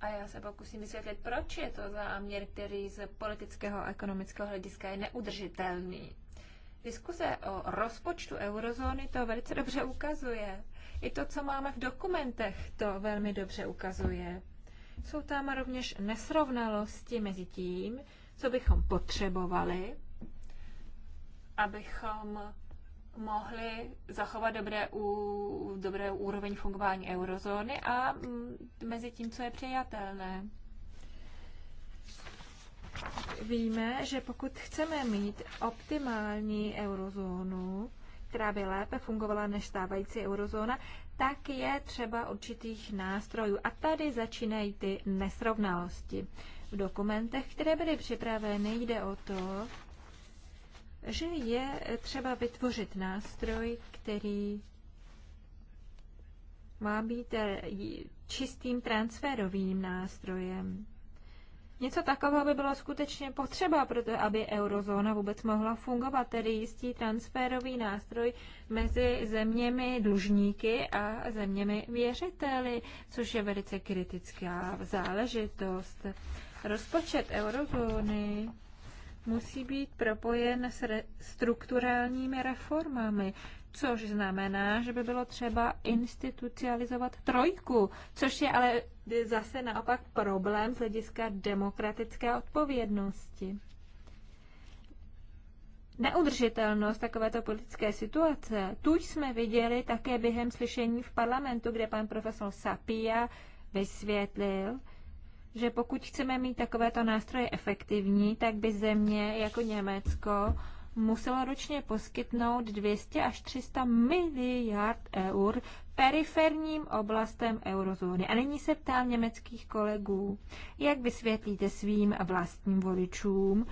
a já se pokusím vysvětlit, proč je to záměr, který z politického a ekonomického hlediska je neudržitelný. Diskuze o rozpočtu eurozóny to velice dobře ukazuje. I to, co máme v dokumentech, to velmi dobře ukazuje. Jsou tam rovněž nesrovnalosti mezi tím, co bychom potřebovali, abychom mohli zachovat dobré, u, dobré úroveň fungování eurozóny a mm, mezi tím, co je přijatelné. Víme, že pokud chceme mít optimální eurozónu, která by lépe fungovala než stávající eurozóna, tak je třeba určitých nástrojů. A tady začínají ty nesrovnalosti v dokumentech, které byly připraveny, jde o to, že je třeba vytvořit nástroj, který má být eh, čistým transferovým nástrojem. Něco takového by bylo skutečně potřeba, proto aby eurozóna vůbec mohla fungovat, tedy jistý transferový nástroj mezi zeměmi dlužníky a zeměmi věřiteli, což je velice kritická záležitost. Rozpočet eurozóny musí být propojen s re- strukturálními reformami, což znamená, že by bylo třeba institucionalizovat trojku, což je ale zase naopak problém z hlediska demokratické odpovědnosti. Neudržitelnost takovéto politické situace, tu jsme viděli také během slyšení v parlamentu, kde pan profesor Sapia vysvětlil, že pokud chceme mít takovéto nástroje efektivní, tak by země jako Německo muselo ročně poskytnout 200 až 300 miliard eur periferním oblastem eurozóny. A nyní se ptám německých kolegů, jak vysvětlíte svým vlastním voličům,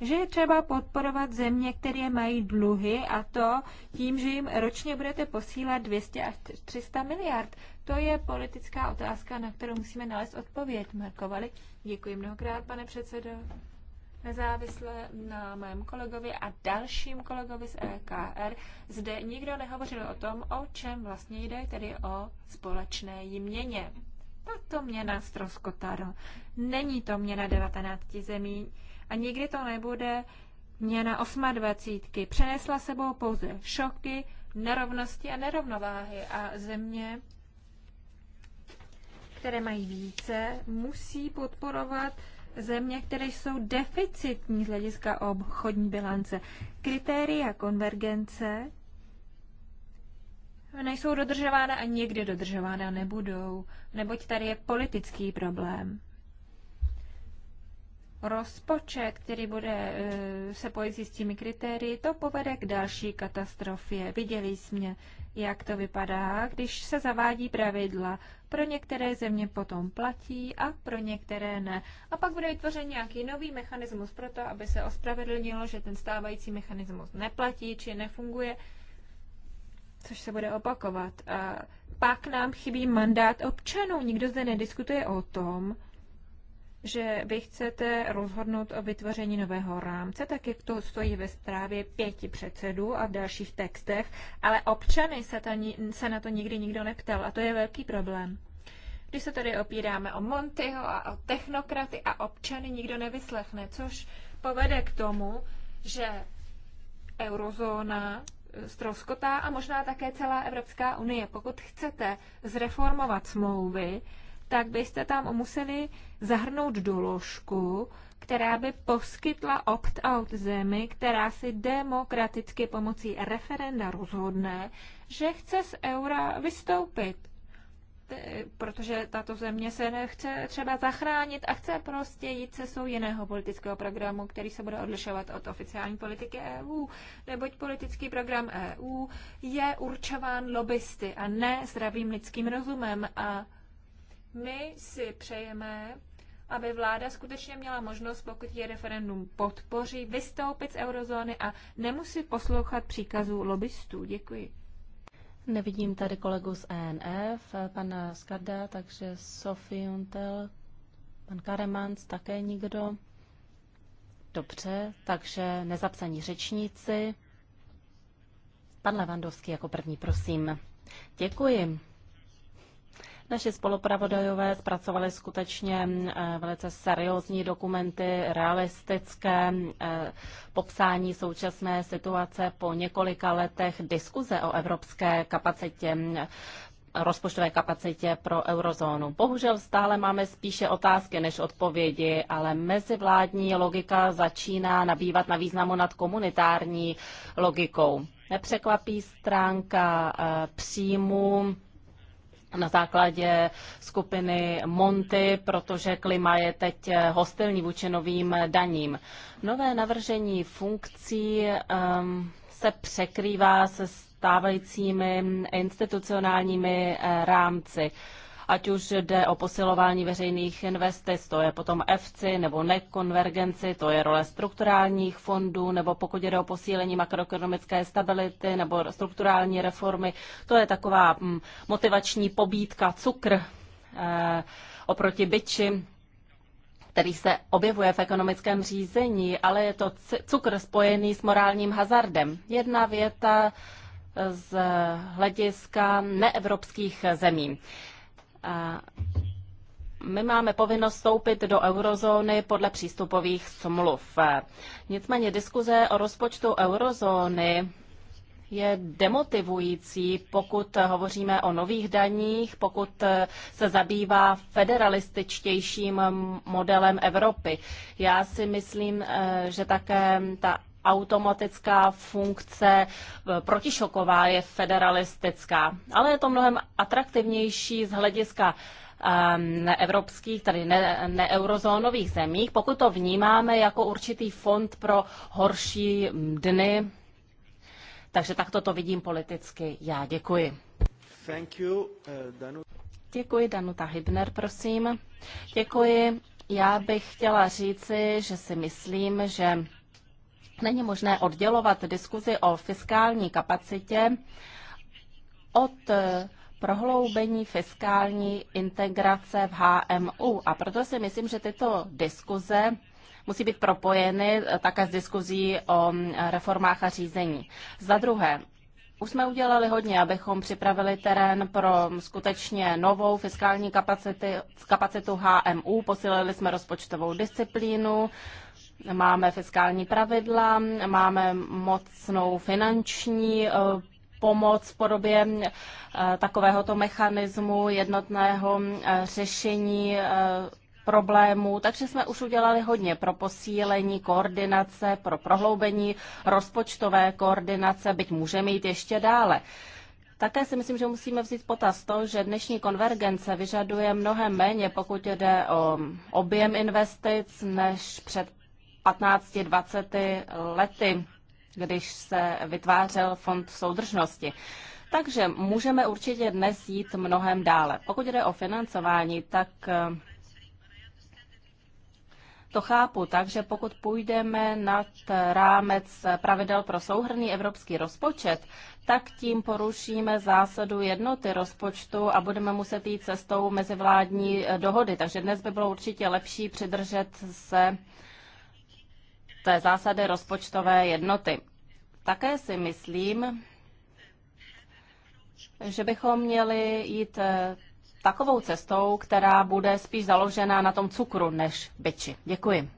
že je třeba podporovat země, které mají dluhy a to tím, že jim ročně budete posílat 200 až 300 miliard. To je politická otázka, na kterou musíme nalézt odpověď, Markovali. Děkuji mnohokrát, pane předsedo. Nezávisle na mém kolegovi a dalším kolegovi z EKR, zde nikdo nehovořil o tom, o čem vlastně jde, tedy o společné jměně. Tato měna ztroskotá. Není to měna 19 zemí, a nikdy to nebude měna 28. Přenesla sebou pouze šoky, nerovnosti a nerovnováhy a země, které mají více, musí podporovat země, které jsou deficitní z hlediska obchodní bilance. Kritéria konvergence nejsou dodržována a nikdy dodržována nebudou, neboť tady je politický problém rozpočet, který bude eh, se pojít s těmi kritérii, to povede k další katastrofě. Viděli jsme, jak to vypadá, když se zavádí pravidla. Pro některé země potom platí a pro některé ne. A pak bude vytvořen nějaký nový mechanismus pro to, aby se ospravedlnilo, že ten stávající mechanismus neplatí či nefunguje, což se bude opakovat. A pak nám chybí mandát občanů. Nikdo zde nediskutuje o tom, že vy chcete rozhodnout o vytvoření nového rámce, tak jak to stojí ve zprávě pěti předsedů a v dalších textech, ale občany se, ta, se na to nikdy nikdo neptal a to je velký problém. Když se tady opíráme o Montyho a o technokraty a občany nikdo nevyslechne, což povede k tomu, že eurozóna stroskotá a možná také celá Evropská unie. Pokud chcete zreformovat smlouvy, tak byste tam museli zahrnout doložku, která by poskytla opt-out zemi, která si demokraticky pomocí referenda rozhodne, že chce z eura vystoupit. Protože tato země se nechce třeba zachránit a chce prostě jít cestou jiného politického programu, který se bude odlišovat od oficiální politiky EU, neboť politický program EU je určován lobbysty a ne zdravým lidským rozumem a my si přejeme, aby vláda skutečně měla možnost, pokud je referendum podpoří, vystoupit z eurozóny a nemusí poslouchat příkazů lobbystů. Děkuji. Nevidím tady kolegu z ENF, pana Skarda, takže Sophie Untel, pan Karemans, také nikdo. Dobře, takže nezapsaní řečníci. Pan Levandovský jako první, prosím. Děkuji. Naši spolupravodajové zpracovali skutečně eh, velice seriózní dokumenty, realistické eh, popsání současné situace po několika letech diskuze o evropské kapacitě rozpočtové kapacitě pro eurozónu. Bohužel stále máme spíše otázky než odpovědi, ale mezivládní logika začíná nabývat na významu nad komunitární logikou. Nepřekvapí stránka eh, příjmu na základě skupiny Monty, protože klima je teď eh, hostilní vůči novým eh, daním. Nové navržení funkcí um, se překrývá se stávajícími institucionálními eh, rámci ať už jde o posilování veřejných investic, to je potom FC nebo nekonvergenci, to je role strukturálních fondů, nebo pokud jde o posílení makroekonomické stability nebo strukturální reformy, to je taková mm, motivační pobídka, cukr eh, oproti byči který se objevuje v ekonomickém řízení, ale je to cukr spojený s morálním hazardem. Jedna věta z hlediska neevropských zemí my máme povinnost vstoupit do eurozóny podle přístupových smluv. Nicméně diskuze o rozpočtu eurozóny je demotivující, pokud hovoříme o nových daních, pokud se zabývá federalističtějším modelem Evropy. Já si myslím, eh, že také ta automatická funkce e, protišoková je federalistická, ale je to mnohem atraktivnější z hlediska evropských, tedy ne, neeurozónových zemích, pokud to vnímáme jako určitý fond pro horší dny. Takže takto to vidím politicky. Já děkuji. Thank you, eh, Danu. Děkuji, Danuta Hybner, prosím. Děkuji. Já bych chtěla říci, že si myslím, že Není možné oddělovat diskuzi o fiskální kapacitě od eh, prohloubení fiskální integrace v HMU. A proto si myslím, že tyto diskuze musí být propojeny eh, také s diskuzí o mm, reformách a řízení. Za druhé, už jsme udělali hodně, abychom připravili terén pro skutečně novou fiskální kapacity, kapacitu HMU, posílili jsme rozpočtovou disciplínu, Máme fiskální pravidla, máme mocnou finanční eh, pomoc v podobě eh, takovéhoto mechanismu jednotného eh, řešení problémů, takže jsme už udělali hodně pro posílení koordinace, pro prohloubení rozpočtové koordinace, byť můžeme jít ještě dále. Také si myslím, že musíme vzít potaz to, že dnešní konvergence vyžaduje mnohem méně, pokud jde o objem investic, než před 15-20 lety, když se vytvářel fond soudržnosti. Takže můžeme určitě dnes jít mnohem dále. Pokud jde o financování, tak eh, to chápu Takže pokud půjdeme nad rámec pravidel pro souhrný evropský rozpočet, tak tím porušíme zásadu jednoty rozpočtu a budeme muset jít cestou mezivládní eh, dohody. Takže dnes by bylo určitě lepší přidržet se té zásady rozpočtové jednoty. Také si myslím, že bychom měli jít eh, takovou cestou, která bude spíš založená na tom cukru než byči. Děkuji.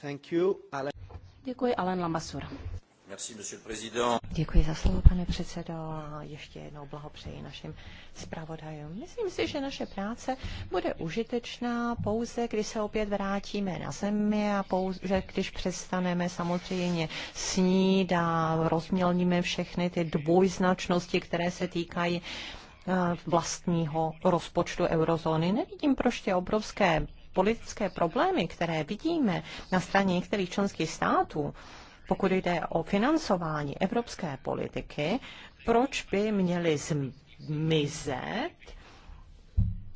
Thank you, Děkuji, Alen Lamassur. Děkuji za slovo, pane předsedo, a ještě jednou blahopřeji našim zpravodajům. Myslím si, že naše práce bude užitečná pouze, když se opět vrátíme na zemi a pouze, když přestaneme samozřejmě snít a rozmělníme všechny ty dvojznačnosti, které se týkají eh, vlastního rozpočtu eurozóny. Nevidím ty prostě obrovské politické problémy, které vidíme na straně některých členských států, pokud jde o financování evropské politiky, proč by měly zmizet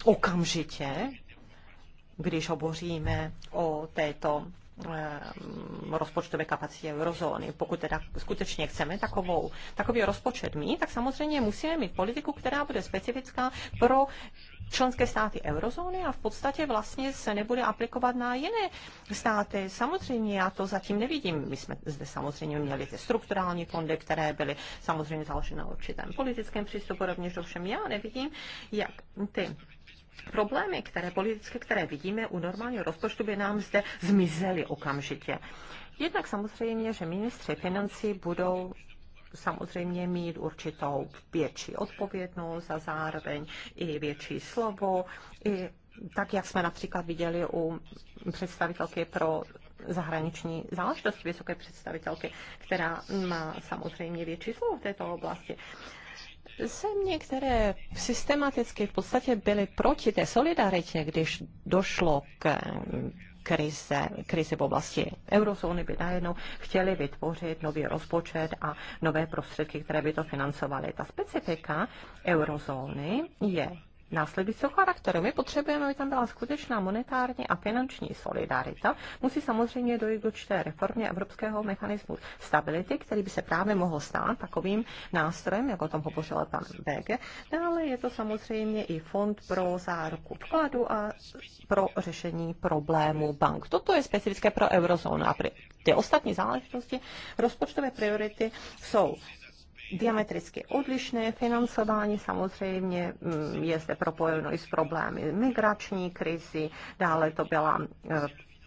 okamžitě, když hovoříme o této eh, rozpočtové kapacitě eurozóny. Pokud teda skutečně chceme takovou, takový rozpočet mít, tak samozřejmě musíme mít politiku, která bude specifická pro členské státy eurozóny a v podstatě vlastně se nebude aplikovat na jiné státy. Samozřejmě já to zatím nevidím. My jsme zde samozřejmě měli ty strukturální fondy, které byly samozřejmě založeny na určitém politickém přístupu, rovněž ovšem já nevidím, jak ty problémy, které politické, které vidíme u normálního rozpočtu, by nám zde zmizely okamžitě. Jednak samozřejmě, že ministři financí budou samozřejmě mít určitou větší odpovědnost a zároveň i větší slovo, i tak, jak jsme například viděli u představitelky pro zahraniční záležitosti vysoké představitelky, která má samozřejmě větší slovo v této oblasti. Země, které systematicky v podstatě byly proti té solidaritě, když došlo k krize, krize v oblasti eurozóny by najednou chtěli vytvořit nový rozpočet a nové prostředky, které by to financovaly. Ta specifika eurozóny je následujícího charakteru. My potřebujeme, aby tam byla skutečná monetární a finanční solidarita. Musí samozřejmě dojít k určité reformě evropského mechanismu stability, který by se právě mohl stát takovým nástrojem, jako o tom hovořil pan BG. Dále je to samozřejmě i fond pro záruku vkladu a pro řešení problémů bank. Toto je specifické pro eurozónu a ty ostatní záležitosti rozpočtové priority jsou diametricky odlišné financování. Samozřejmě mm, je zde propojeno i s problémy migrační krizi, dále to byla e,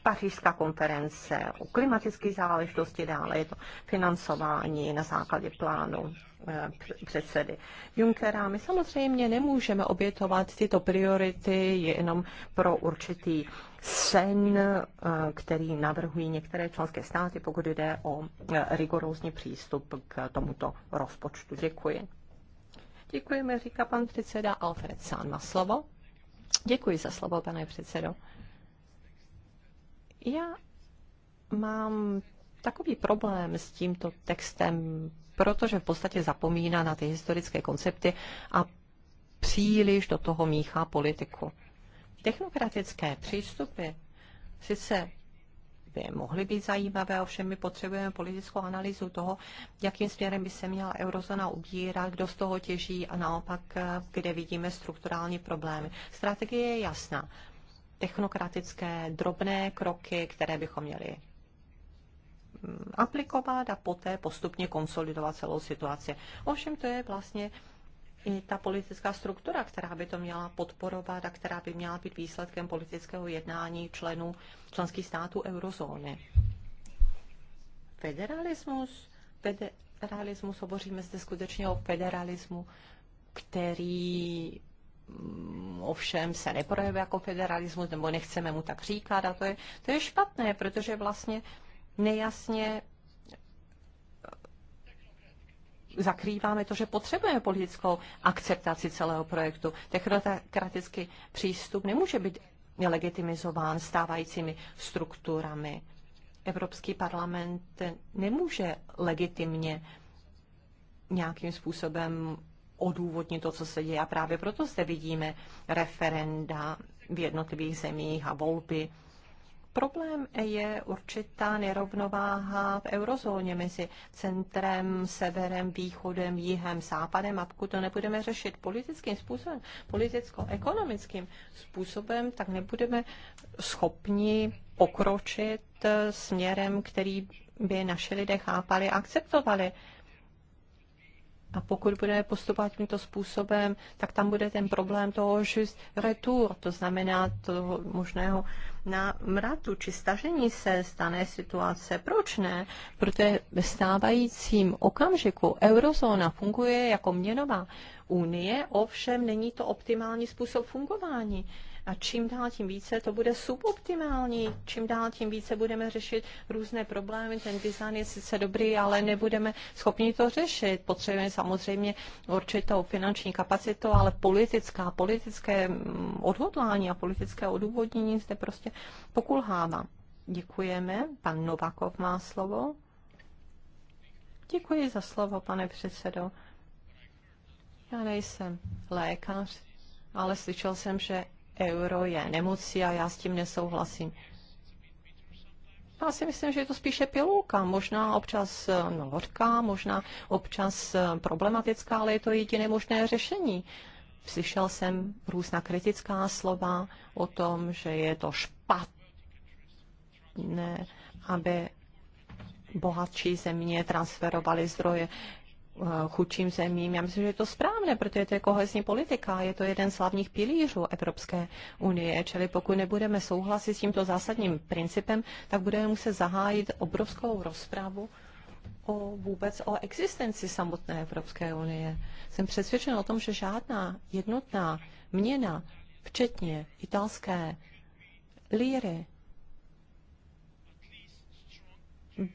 pařížská konference o klimatické záležitosti, dále je to financování na základě plánu e, předsedy Junckera. My samozřejmě nemůžeme obětovat tyto priority jenom pro určitý sen, eh, který navrhují některé členské státy, pokud jde o eh, rigorózní přístup k tomuto rozpočtu. Děkuji. Děkujeme, říká pan předseda Alfred Sán. Má slovo. Děkuji za slovo, pane předsedo. Já mám takový problém s tímto textem, protože v podstatě zapomíná na ty historické koncepty a příliš do toho míchá politiku. Technokratické přístupy sice by mohly být zajímavé, ovšem my potřebujeme politickou analýzu toho, jakým směrem by se měla eurozona ubírat, kdo z toho těží a naopak, eh, kde vidíme strukturální problémy. Strategie je jasná. Technokratické drobné kroky, které bychom měli mm, aplikovat a poté postupně konsolidovat celou situaci. Ovšem to je vlastně i ta politická struktura, která by to měla podporovat a která by měla být výsledkem politického jednání členů členských států eurozóny. Federalismus, federalismus, hovoříme zde skutečně o federalismu, který mm, ovšem se neprojevuje jako federalismus, nebo nechceme mu tak říkat a to je, to je špatné, protože vlastně nejasně zakrýváme to, že potřebujeme politickou akceptaci celého projektu. Technokratický přístup nemůže být legitimizován stávajícími strukturami. Evropský parlament nemůže legitimně nějakým způsobem odůvodnit to, co se děje. A právě proto zde vidíme referenda v jednotlivých zemích a volby Problém je určitá nerovnováha v eurozóně mezi centrem, severem, východem, jihem, západem a pokud to nebudeme řešit politickým způsobem, politicko-ekonomickým způsobem, tak nebudeme schopni pokročit směrem, který by naše lidé chápali a akceptovali. A pokud budeme postupovat tímto způsobem, tak tam bude ten problém toho just retour, to znamená toho možného mratu či stažení se z dané situace. Proč ne? Protože ve stávajícím okamžiku eurozóna funguje jako měnová unie, ovšem není to optimální způsob fungování a čím dál tím více to bude suboptimální, čím dál tím více budeme řešit různé problémy. Ten design je sice dobrý, ale nebudeme schopni to řešit. Potřebujeme samozřejmě určitou finanční kapacitu, ale politická, politické mm, odhodlání a politické odůvodnění zde prostě pokulhává. Děkujeme. Pan Novakov má slovo. Děkuji za slovo, pane předsedo. Já nejsem lékař, ale slyšel jsem, že euro je nemocí a já s tím nesouhlasím. Já si myslím, že je to spíše pilulka, možná občas eh, no, vodka, možná občas eh, problematická, ale je to jediné možné řešení. Slyšel jsem různá kritická slova o tom, že je to špatné, aby bohatší země transferovaly zdroje Eh, chudším zemím. Já myslím, že je to správné, protože to je kohezní politika, je to jeden z hlavních pilířů Evropské unie, čili pokud nebudeme souhlasit s tímto zásadním principem, tak budeme muset zahájit obrovskou rozpravu o vůbec o existenci samotné Evropské unie. Jsem přesvědčen o tom, že žádná jednotná měna, včetně italské líry,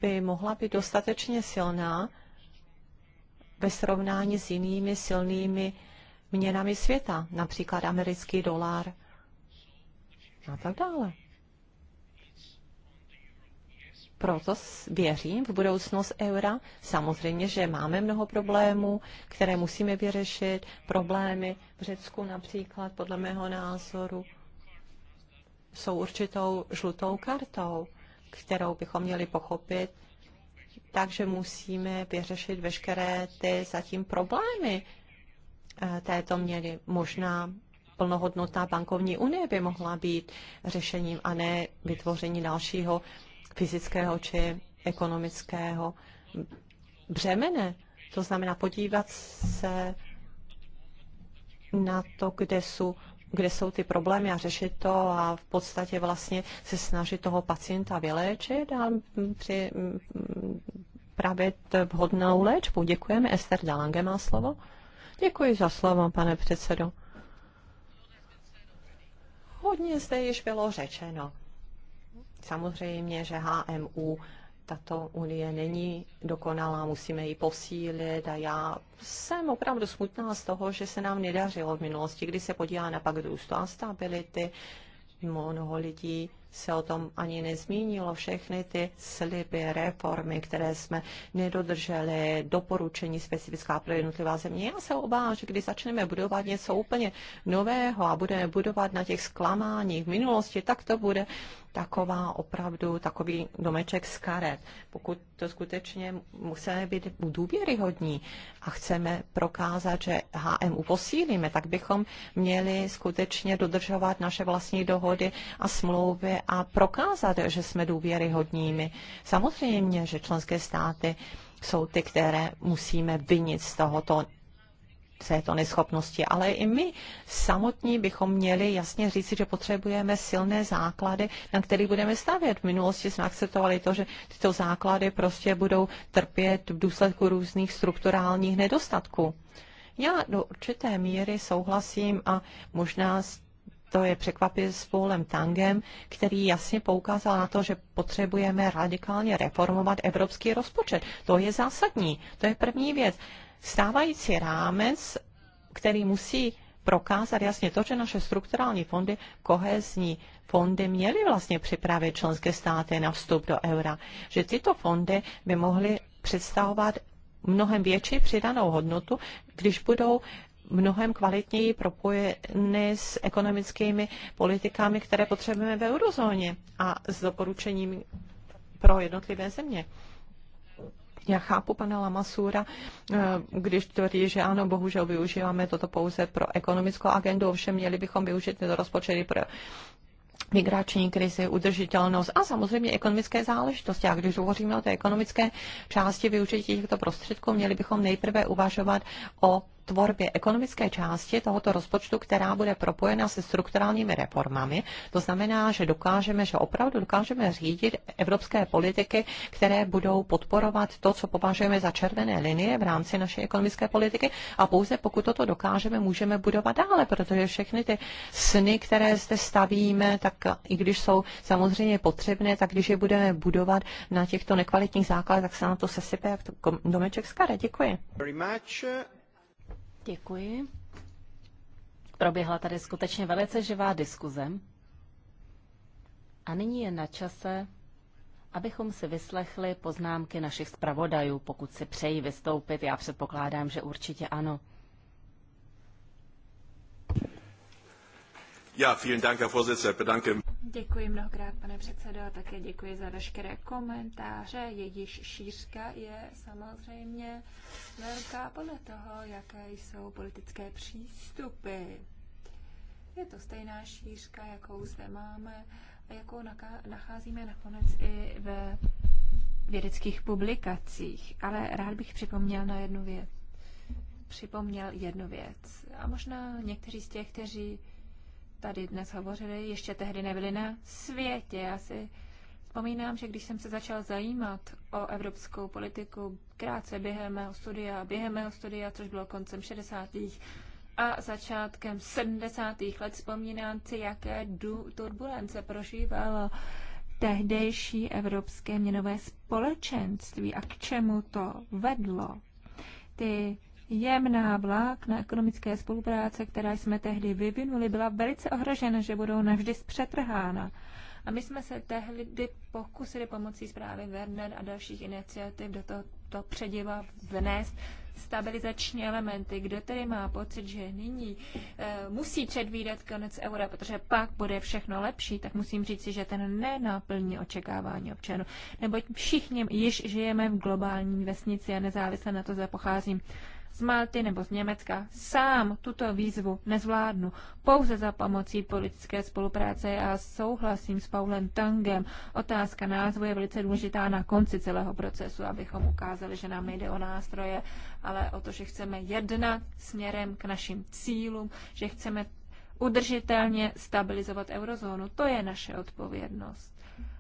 by mohla být dostatečně silná, ve srovnání s jinými silnými měnami světa, například americký dolar a tak dále. Proto věřím v budoucnost eura. Samozřejmě, že máme mnoho problémů, které musíme vyřešit. Problémy v Řecku například, podle mého názoru, jsou určitou žlutou kartou, kterou bychom měli pochopit takže musíme vyřešit veškeré ty zatím problémy eh, této měny. Možná plnohodnotná bankovní unie by mohla být řešením a ne vytvoření dalšího fyzického či ekonomického břemene. To znamená podívat se na to, kde jsou kde jsou ty problémy a řešit to a v podstatě vlastně se snažit toho pacienta vyléčit a při, právě vhodnou léčbu. Děkujeme. Ester Dalange má slovo. Děkuji za slovo, pane předsedo. Hodně zde již bylo řečeno. Samozřejmě, že HMU tato unie není dokonalá, musíme ji posílit a já jsem opravdu smutná z toho, že se nám nedařilo v minulosti, kdy se podívá na pak růstu a stability, mnoho lidí se o tom ani nezmínilo. Všechny ty sliby, reformy, které jsme nedodrželi, doporučení specifická pro jednotlivá země. Já se obávám, že když začneme budovat něco úplně nového a budeme budovat na těch zklamáních v minulosti, tak to bude taková opravdu takový domeček z karet. Pokud to skutečně musíme být důvěryhodní a chceme prokázat, že HMU posílíme, tak bychom měli skutečně dodržovat naše vlastní dohody a smlouvy a prokázat, že jsme důvěryhodními. Samozřejmě, že členské státy jsou ty, které musíme vinit z tohoto z této neschopnosti, ale i my samotní bychom měli jasně říci, že potřebujeme silné základy, na které budeme stavět. V minulosti jsme akceptovali to, že tyto základy prostě budou trpět v důsledku různých strukturálních nedostatků. Já do určité míry souhlasím a možná s to je překvapivě s Paulem Tangem, který jasně poukázal na to, že potřebujeme radikálně reformovat evropský rozpočet. To je zásadní, to je první věc. Stávající rámec, který musí prokázat jasně to, že naše strukturální fondy, kohezní fondy měly vlastně připravit členské státy na vstup do eura, že tyto fondy by mohly představovat mnohem větší přidanou hodnotu, když budou mnohem kvalitněji propojeny s ekonomickými politikami, které potřebujeme v eurozóně a s doporučením pro jednotlivé země. Já chápu pana Lamasura, eh, když tvrdí, že ano, bohužel využíváme toto pouze pro ekonomickou agendu, ovšem měli bychom využít tyto rozpočty pro migrační krizi, udržitelnost a samozřejmě ekonomické záležitosti. A když hovoříme o té ekonomické části využití těchto prostředků, měli bychom nejprve uvažovat o tvorbě ekonomické části tohoto rozpočtu, která bude propojena se strukturálními reformami. To znamená, že dokážeme, že opravdu dokážeme řídit evropské politiky, které budou podporovat to, co považujeme za červené linie v rámci naší ekonomické politiky a pouze pokud toto dokážeme, můžeme budovat dále, protože všechny ty sny, které zde stavíme, tak i když jsou samozřejmě potřebné, tak když je budeme budovat na těchto nekvalitních základech, tak se na to sesype jak domeček z kare. Děkuji. Děkuji. Proběhla tady skutečně velice živá diskuze. A nyní je na čase, abychom si vyslechli poznámky našich zpravodajů, pokud si přejí vystoupit. Já předpokládám, že určitě ano. Ja, vielen Dank, Herr Vorsitzender. Bedanke Děkuji mnohokrát, pane předsedo, a také děkuji za veškeré komentáře. Jejíž šířka je samozřejmě velká podle toho, jaké jsou politické přístupy. Je to stejná šířka, jakou zde máme a jakou nacházíme nakonec i ve vědeckých publikacích. Ale rád bych připomněl na jednu věc. Připomněl jednu věc. A možná někteří z těch, kteří tady dnes hovořili, ještě tehdy nebyli na světě. Já si vzpomínám, že když jsem se začal zajímat o evropskou politiku krátce během mého studia, během mého studia, což bylo koncem 60. a začátkem 70. let, vzpomínám si, jaké turbulence prožívalo tehdejší evropské měnové společenství a k čemu to vedlo. Ty jemná vlákna ekonomické spolupráce, která jsme tehdy vyvinuli, byla velice ohrožena, že budou navždy zpřetrhána. A my jsme se tehdy pokusili pomocí zprávy Werner a dalších iniciativ do tohoto předěva vnést stabilizační elementy, kdo tedy má pocit, že nyní e, musí předvídat konec eura, protože pak bude všechno lepší, tak musím říci, že ten nenáplní očekávání občanů. Neboť všichni již žijeme v globální vesnici a nezávisle na to, zda pocházím z Malty nebo z Německa. Sám tuto výzvu nezvládnu. Pouze za pomocí politické spolupráce a souhlasím s Paulem Tangem. Otázka názvu je velice důležitá na konci celého procesu, abychom ukázali, že nám nejde o nástroje, ale o to, že chceme jednat směrem k našim cílům, že chceme udržitelně stabilizovat eurozónu. To je naše odpovědnost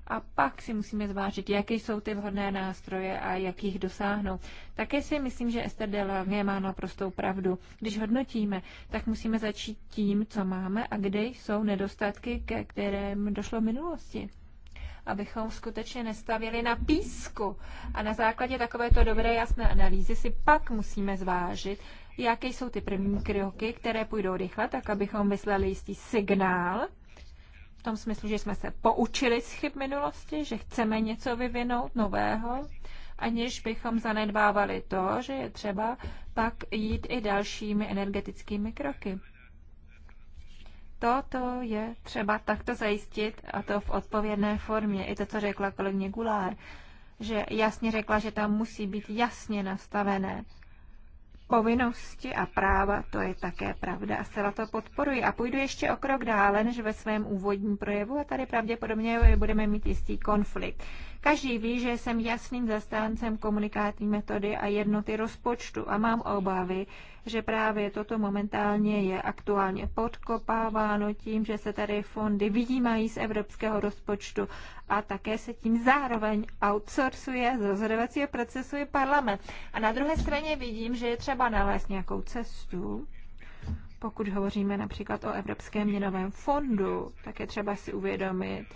a pak si musíme zvážit, jaké jsou ty vhodné nástroje a jak jich dosáhnout. Také si myslím, že Esther de má naprostou pravdu. Když hodnotíme, tak musíme začít tím, co máme a kde jsou nedostatky, ke kterým došlo v minulosti abychom skutečně nestavili na písku. A na základě takovéto dobré jasné analýzy si pak musíme zvážit, jaké jsou ty první kroky, které půjdou rychle, tak abychom vyslali jistý signál, tom smyslu, že jsme se poučili z chyb minulosti, že chceme něco vyvinout nového, aniž bychom zanedbávali to, že je třeba pak jít i dalšími energetickými kroky. Toto je třeba takto zajistit a to v odpovědné formě. I to, co řekla kolegyně Gulár, že jasně řekla, že tam musí být jasně nastavené povinnosti a práva, to je také pravda a zcela to podporuji. A půjdu ještě o krok dále, než ve svém úvodním projevu a tady pravděpodobně budeme mít jistý konflikt. Každý ví, že jsem jasným zastáncem komunikátní metody a jednoty rozpočtu a mám obavy, že právě toto momentálně je aktuálně podkopáváno tím, že se tady fondy vyjímají z evropského rozpočtu a také se tím zároveň outsourcuje z rozhodovacího procesu i parlament. A na druhé straně vidím, že je třeba nalézt nějakou cestu, pokud hovoříme například o Evropském měnovém fondu, tak je třeba si uvědomit,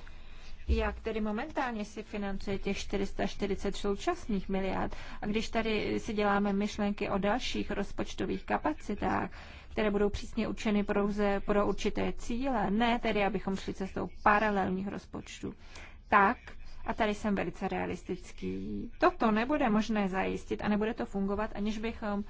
jak tedy momentálně si financuje těch 440 současných miliard. A když tady si děláme myšlenky o dalších rozpočtových kapacitách, které budou přísně určeny pouze pro určité cíle, ne tedy, abychom šli cestou paralelních rozpočtů, tak, a tady jsem velice realistický, toto nebude možné zajistit a nebude to fungovat, aniž bychom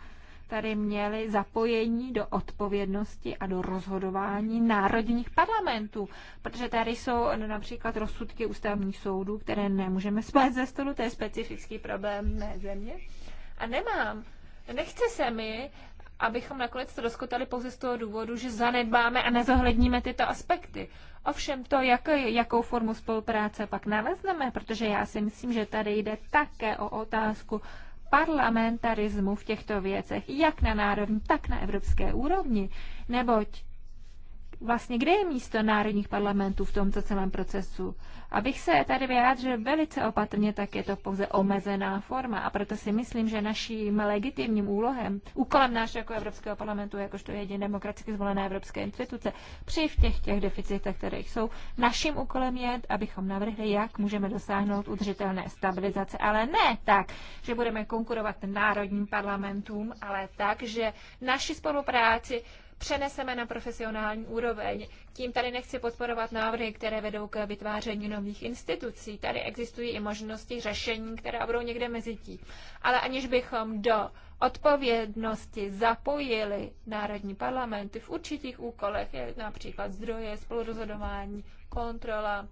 tady měli zapojení do odpovědnosti a do rozhodování národních parlamentů, protože tady jsou například rozsudky ústavních soudů, které nemůžeme spát ze stolu, to je specifický problém mé země. A nemám, nechce se mi, abychom nakonec to rozkotali pouze z toho důvodu, že zanedbáme a nezohledníme tyto aspekty. Ovšem to, jak, jakou formu spolupráce pak nalezneme, protože já si myslím, že tady jde také o otázku parlamentarismu v těchto věcech, jak na národní, tak na evropské úrovni, neboť vlastně kde je místo národních parlamentů v tomto celém procesu? Abych se tady vyjádřil velice opatrně, tak je to pouze omezená forma a proto si myslím, že naším legitimním úlohem, úkolem náš jako Evropského parlamentu, jakožto jediné demokraticky zvolené Evropské instituce, při v těch, těch deficitech, které jsou, naším úkolem je, abychom navrhli, jak můžeme dosáhnout udržitelné stabilizace, ale ne tak, že budeme konkurovat národním parlamentům, ale tak, že naši spolupráci přeneseme na profesionální úroveň. Tím tady nechci podporovat návrhy, které vedou k vytváření nových institucí. Tady existují i možnosti řešení, která budou někde mezi tím. Ale aniž bychom do odpovědnosti zapojili národní parlamenty v určitých úkolech, je například zdroje, spolurozhodování, kontrola,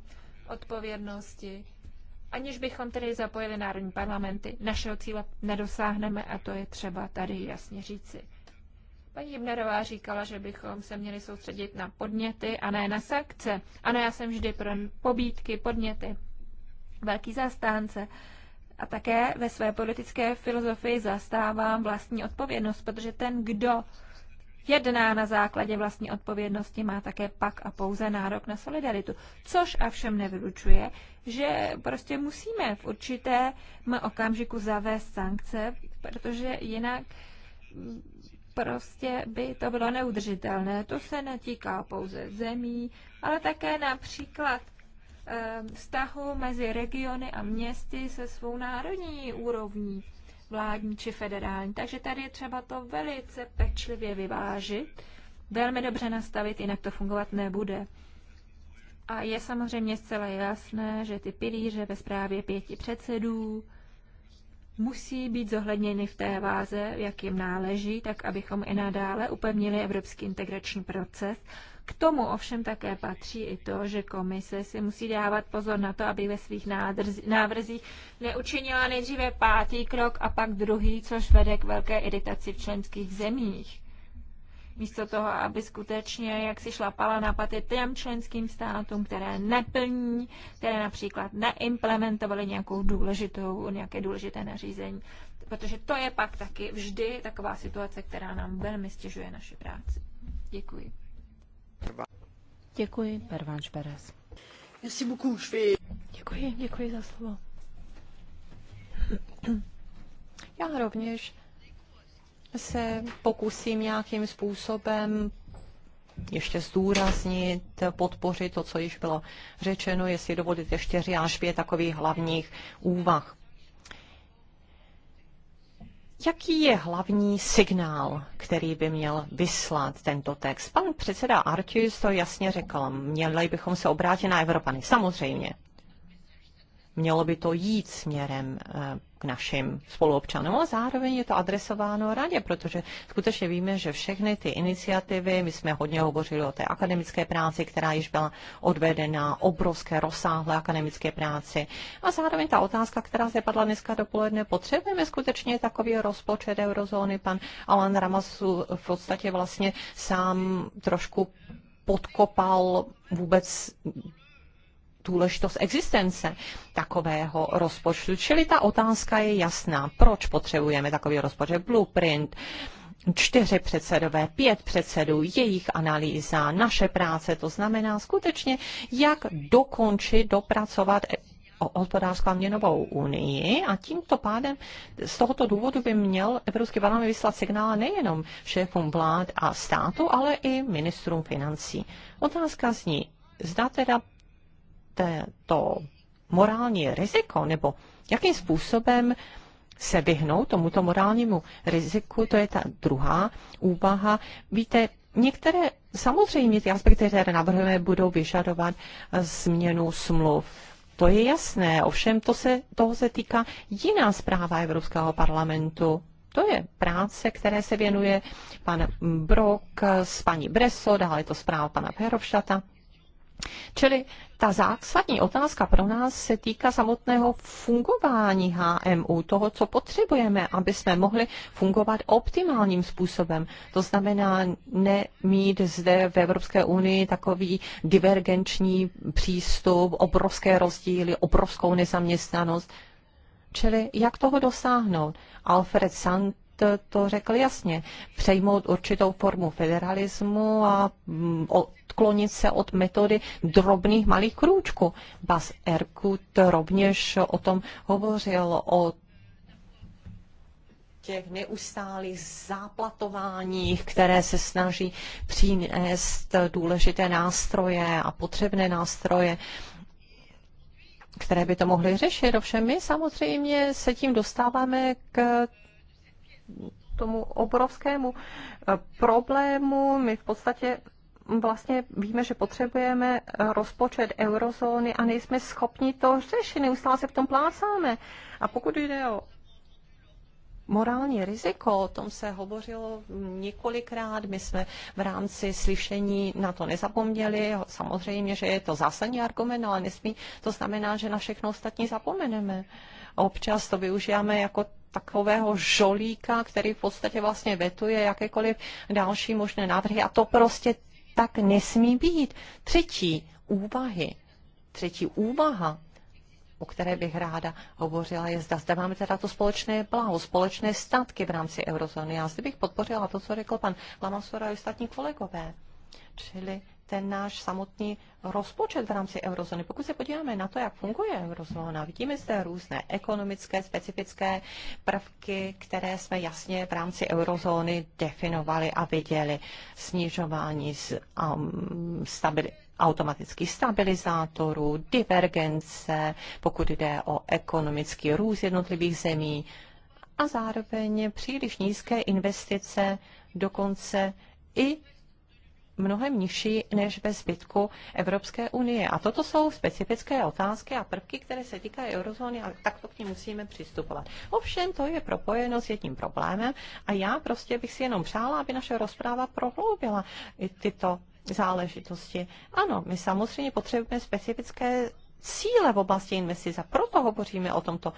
odpovědnosti, aniž bychom tedy zapojili národní parlamenty, našeho cíle nedosáhneme a to je třeba tady jasně říci. Paní Jibnerová říkala, že bychom se měli soustředit na podněty a ne na sekce. Ano, já jsem vždy pro pobídky, podněty. Velký zastánce. A také ve své politické filozofii zastávám vlastní odpovědnost, protože ten, kdo jedná na základě vlastní odpovědnosti, má také pak a pouze nárok na solidaritu. Což a všem nevylučuje, že prostě musíme v určitém okamžiku zavést sankce, protože jinak prostě by to bylo neudržitelné. To se netýká pouze zemí, ale také například ehm, vztahu mezi regiony a městy se svou národní úrovní, vládní či federální. Takže tady je třeba to velice pečlivě vyvážit, velmi dobře nastavit, jinak to fungovat nebude. A je samozřejmě zcela jasné, že ty pilíře ve zprávě pěti předsedů, musí být zohledněny v té váze, jak jim náleží, tak abychom i nadále upevnili evropský integrační proces. K tomu ovšem také patří i to, že komise si musí dávat pozor na to, aby ve svých návrzích neučinila nejdříve pátý krok a pak druhý, což vede k velké iritaci v členských zemích místo toho, aby skutečně jak si šlapala na paty těm členským státům, které neplní, které například neimplementovaly nějakou důležitou, nějaké důležité nařízení. Protože to je pak taky vždy taková situace, která nám velmi stěžuje naši práci. Děkuji. Děkuji, Pervanš Perez. Děkuji, děkuji za slovo. Já rovněž se pokusím nějakým způsobem ještě zdůraznit, podpořit to, co již bylo řečeno, jestli dovolíte čtyři až pět takových hlavních úvah. Jaký je hlavní signál, který by měl vyslat tento text? Pan předseda Artis to jasně řekl. Měli bychom se obrátit na Evropany. Samozřejmě. Mělo by to jít směrem eh, k našim spoluobčanům, A zároveň je to adresováno radě, protože skutečně víme, že všechny ty iniciativy, my jsme hodně hovořili o té akademické práci, která již byla odvedena, obrovské rozsáhlé akademické práci. A zároveň ta otázka, která se padla dneska dopoledne, potřebujeme skutečně takový rozpočet eurozóny. Pan Alan Ramasu v podstatě vlastně sám trošku podkopal vůbec důležitost existence takového rozpočtu. Čili ta otázka je jasná. Proč potřebujeme takový rozpočet? Blueprint, čtyři předsedové, pět předsedů, jejich analýza, naše práce, to znamená skutečně, jak dokončit, dopracovat o hospodářskou a měnovou unii a tímto pádem z tohoto důvodu by měl Evropský parlament vyslat signál nejenom šéfům vlád a státu, ale i ministrům financí. Otázka zní, zda teda to morální riziko, nebo jakým způsobem se vyhnout tomuto morálnímu riziku, to je ta druhá úvaha. Víte, některé samozřejmě ty aspekty, které navrhujeme, budou vyžadovat změnu smluv. To je jasné, ovšem to se, toho se týká jiná zpráva Evropského parlamentu. To je práce, které se věnuje pan Brok s paní Breso, dále je to zpráva pana Perovšata. Čili ta zásadní otázka pro nás se týká samotného fungování HMU, toho, co potřebujeme, aby jsme mohli fungovat optimálním způsobem. To znamená nemít zde v Evropské unii takový divergenční přístup, obrovské rozdíly, obrovskou nezaměstnanost. Čili jak toho dosáhnout? Alfred Sand to řekl jasně. Přejmout určitou formu federalismu a mm, odklonit se od metody drobných malých krůčků. Bas Erkut rovněž o tom hovořil, o těch neustálých záplatováních, které se snaží přinést důležité nástroje a potřebné nástroje které by to mohly řešit. Ovšem my samozřejmě se tím dostáváme k tomu obrovskému eh, problému. My v podstatě vlastně víme, že potřebujeme eh, rozpočet eurozóny a nejsme schopni to řešit, neustále se v tom plácáme. A pokud jde o morální riziko, o tom se hovořilo několikrát, my jsme v rámci slyšení na to nezapomněli, samozřejmě, že je to zásadní argument, ale nesmí, to znamená, že na všechno ostatní zapomeneme. Uh, občas to využíváme jako takového žolíka, který v podstatě vlastně vetuje jakékoliv další možné návrhy a to prostě tak nesmí být. Třetí úvahy, třetí úvaha, o které bych ráda hovořila, je zda zde máme teda to společné blaho, společné statky v rámci eurozóny. Já zde bych podpořila to, co řekl pan Lamasora a ostatní kolegové. Čili ten náš samotný rozpočet v rámci eurozóny. Pokud se podíváme na to, jak funguje eurozóna, vidíme zde různé ekonomické, specifické prvky, které jsme jasně v rámci eurozóny definovali a viděli. Snižování um, stabili, automatických stabilizátorů, divergence, pokud jde o ekonomický růst jednotlivých zemí a zároveň příliš nízké investice, dokonce i mnohem nižší než ve zbytku Evropské unie. A toto jsou specifické otázky a prvky, které se týkají eurozóny a takto k ní musíme přistupovat. Ovšem, to je propojeno s jedním problémem a já prostě bych si jenom přála, aby naše rozpráva prohloubila i tyto záležitosti. Ano, my samozřejmě potřebujeme specifické cíle v oblasti investic a proto hovoříme o tomto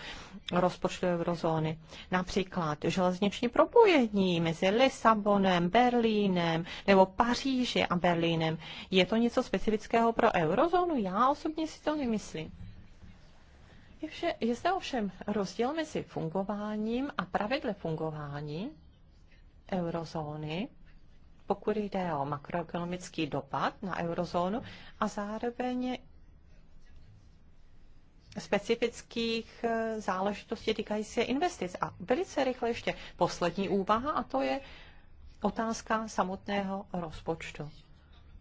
rozpočtu eurozóny. Například železniční propojení mezi Lisabonem, Berlínem nebo Paříži a Berlínem. Je to něco specifického pro eurozónu? Já osobně si to nemyslím. Je, vše, je zde ovšem rozdíl mezi fungováním a pravidle fungování eurozóny, pokud jde o makroekonomický dopad na eurozónu a zároveň specifických eh, záležitostí týkají se investic. A velice rychle ještě poslední úvaha, a to je otázka samotného rozpočtu.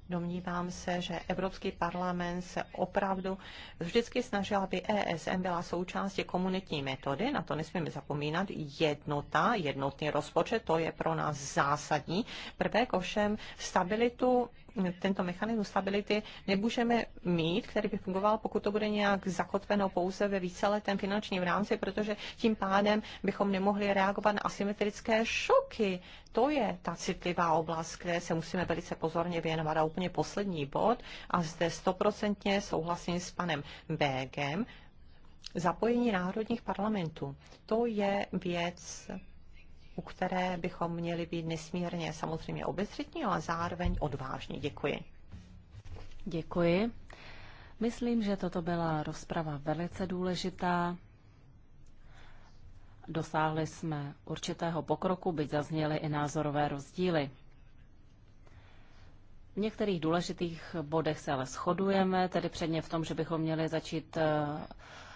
Domnívám se, že Evropský parlament se opravdu vždycky snažil, aby ESM byla součástí komunitní metody, na to nesmíme zapomínat, jednota, jednotný rozpočet, to je pro nás zásadní. Prvek ovšem stabilitu tento mechanismus stability nemůžeme mít, který by fungoval, pokud to bude nějak zakotveno pouze ve víceletém finančním rámci, protože tím pádem bychom nemohli reagovat na asymetrické šoky. To je ta citlivá oblast, které se musíme velice pozorně věnovat. A úplně poslední bod, a zde stoprocentně souhlasím s panem Bégem, zapojení národních parlamentů. To je věc, u které bychom měli být nesmírně samozřejmě obezřetní, ale zároveň odvážní. Děkuji. Děkuji. Myslím, že toto byla rozprava velice důležitá. Dosáhli jsme určitého pokroku, byť zazněly i názorové rozdíly. V některých důležitých bodech se ale shodujeme, tedy předně v tom, že bychom měli začít eh,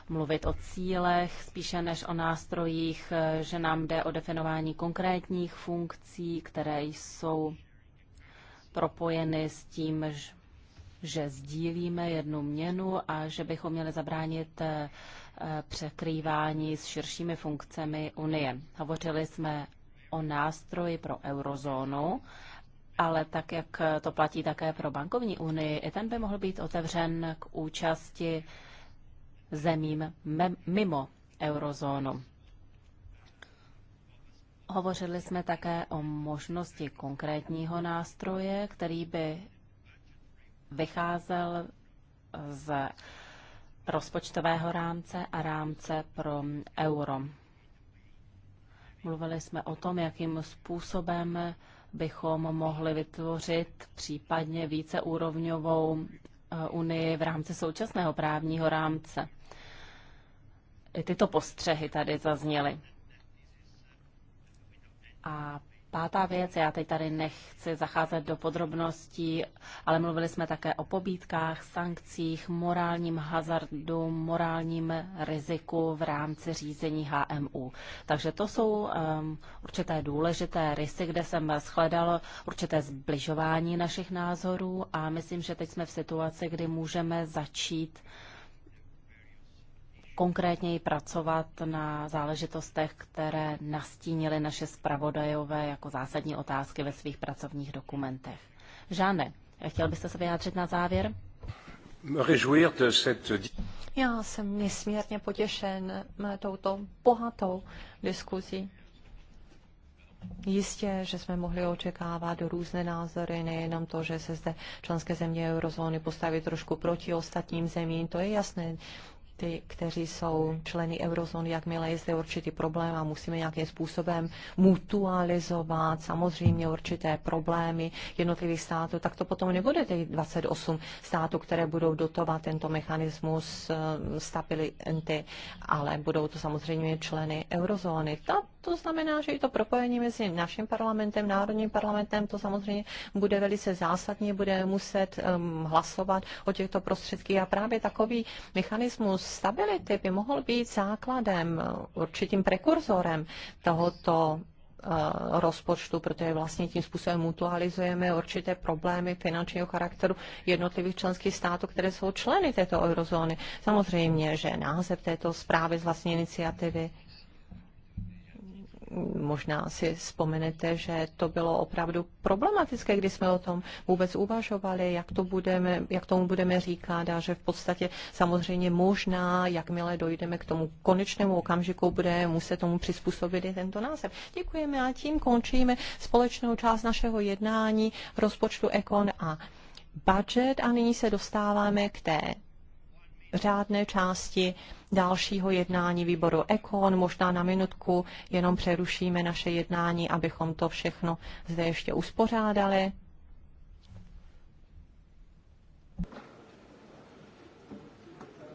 mluvit o cílech spíše než o nástrojích, eh, že nám jde o definování konkrétních funkcí, které jsou propojeny s tím, že sdílíme jednu měnu a že bychom měli zabránit eh, eh, překrývání s širšími funkcemi Unie. Hovořili jsme o nástroji pro eurozónu, ale tak, jak to platí také pro bankovní unii, i ten by mohl být otevřen k účasti zemím mimo eurozónu. Hovořili jsme také o možnosti konkrétního nástroje, který by vycházel z rozpočtového rámce a rámce pro euro. Mluvili jsme o tom, jakým způsobem bychom mohli vytvořit případně víceúrovňovou eh, unii v rámci současného právního rámce i tyto postřehy tady zazněly. A pátá věc, já teď tady nechci zacházet do podrobností, ale mluvili jsme také o pobítkách, sankcích, morálním hazardu, morálním riziku v rámci řízení HMU. Takže to jsou um, určité důležité rysy, kde jsem shledal určité zbližování našich názorů a myslím, že teď jsme v situaci, kdy můžeme začít uh, konkrétněji pracovat na záležitostech, které nastínily naše zpravodajové jako zásadní otázky ve svých pracovních dokumentech. Žáne, chtěl byste se vyjádřit na závěr? Já jsem nesmírně potěšen touto bohatou diskuzí. Jistě, že jsme mohli očekávat různé názory, nejenom to, že se zde členské země eurozóny postaví trošku proti ostatním zemím, to je jasné ty, kteří jsou členy eurozóny, jakmile je zde určitý problém a musíme nějakým způsobem mutualizovat samozřejmě určité problémy jednotlivých států, tak to potom nebude těch 28 států, které budou dotovat tento mechanismus eh, stability, ale budou to samozřejmě členy eurozóny. Ta, to znamená, že i to propojení mezi naším parlamentem, národním parlamentem, to samozřejmě bude velice zásadní, bude muset um, hlasovat o těchto prostředcích a právě takový mechanismus stability by mohl být základem, určitým prekurzorem tohoto eh, rozpočtu, protože vlastně tím způsobem mutualizujeme určité problémy finančního charakteru jednotlivých členských států, které jsou členy této eurozóny. Samozřejmě, že název této zprávy z vlastní iniciativy možná si vzpomenete, že to bylo opravdu problematické, když jsme o tom vůbec uvažovali, jak, to budeme, jak tomu budeme říkat a že v podstatě samozřejmě možná, jakmile dojdeme k tomu konečnému okamžiku, bude muset tomu přizpůsobit i tento název. Děkujeme a tím končíme společnou část našeho jednání rozpočtu Ekon a budget a nyní se dostáváme k té řádné části dalšího jednání výboru Ekon. Možná na minutku jenom přerušíme naše jednání, abychom to všechno zde ještě uspořádali.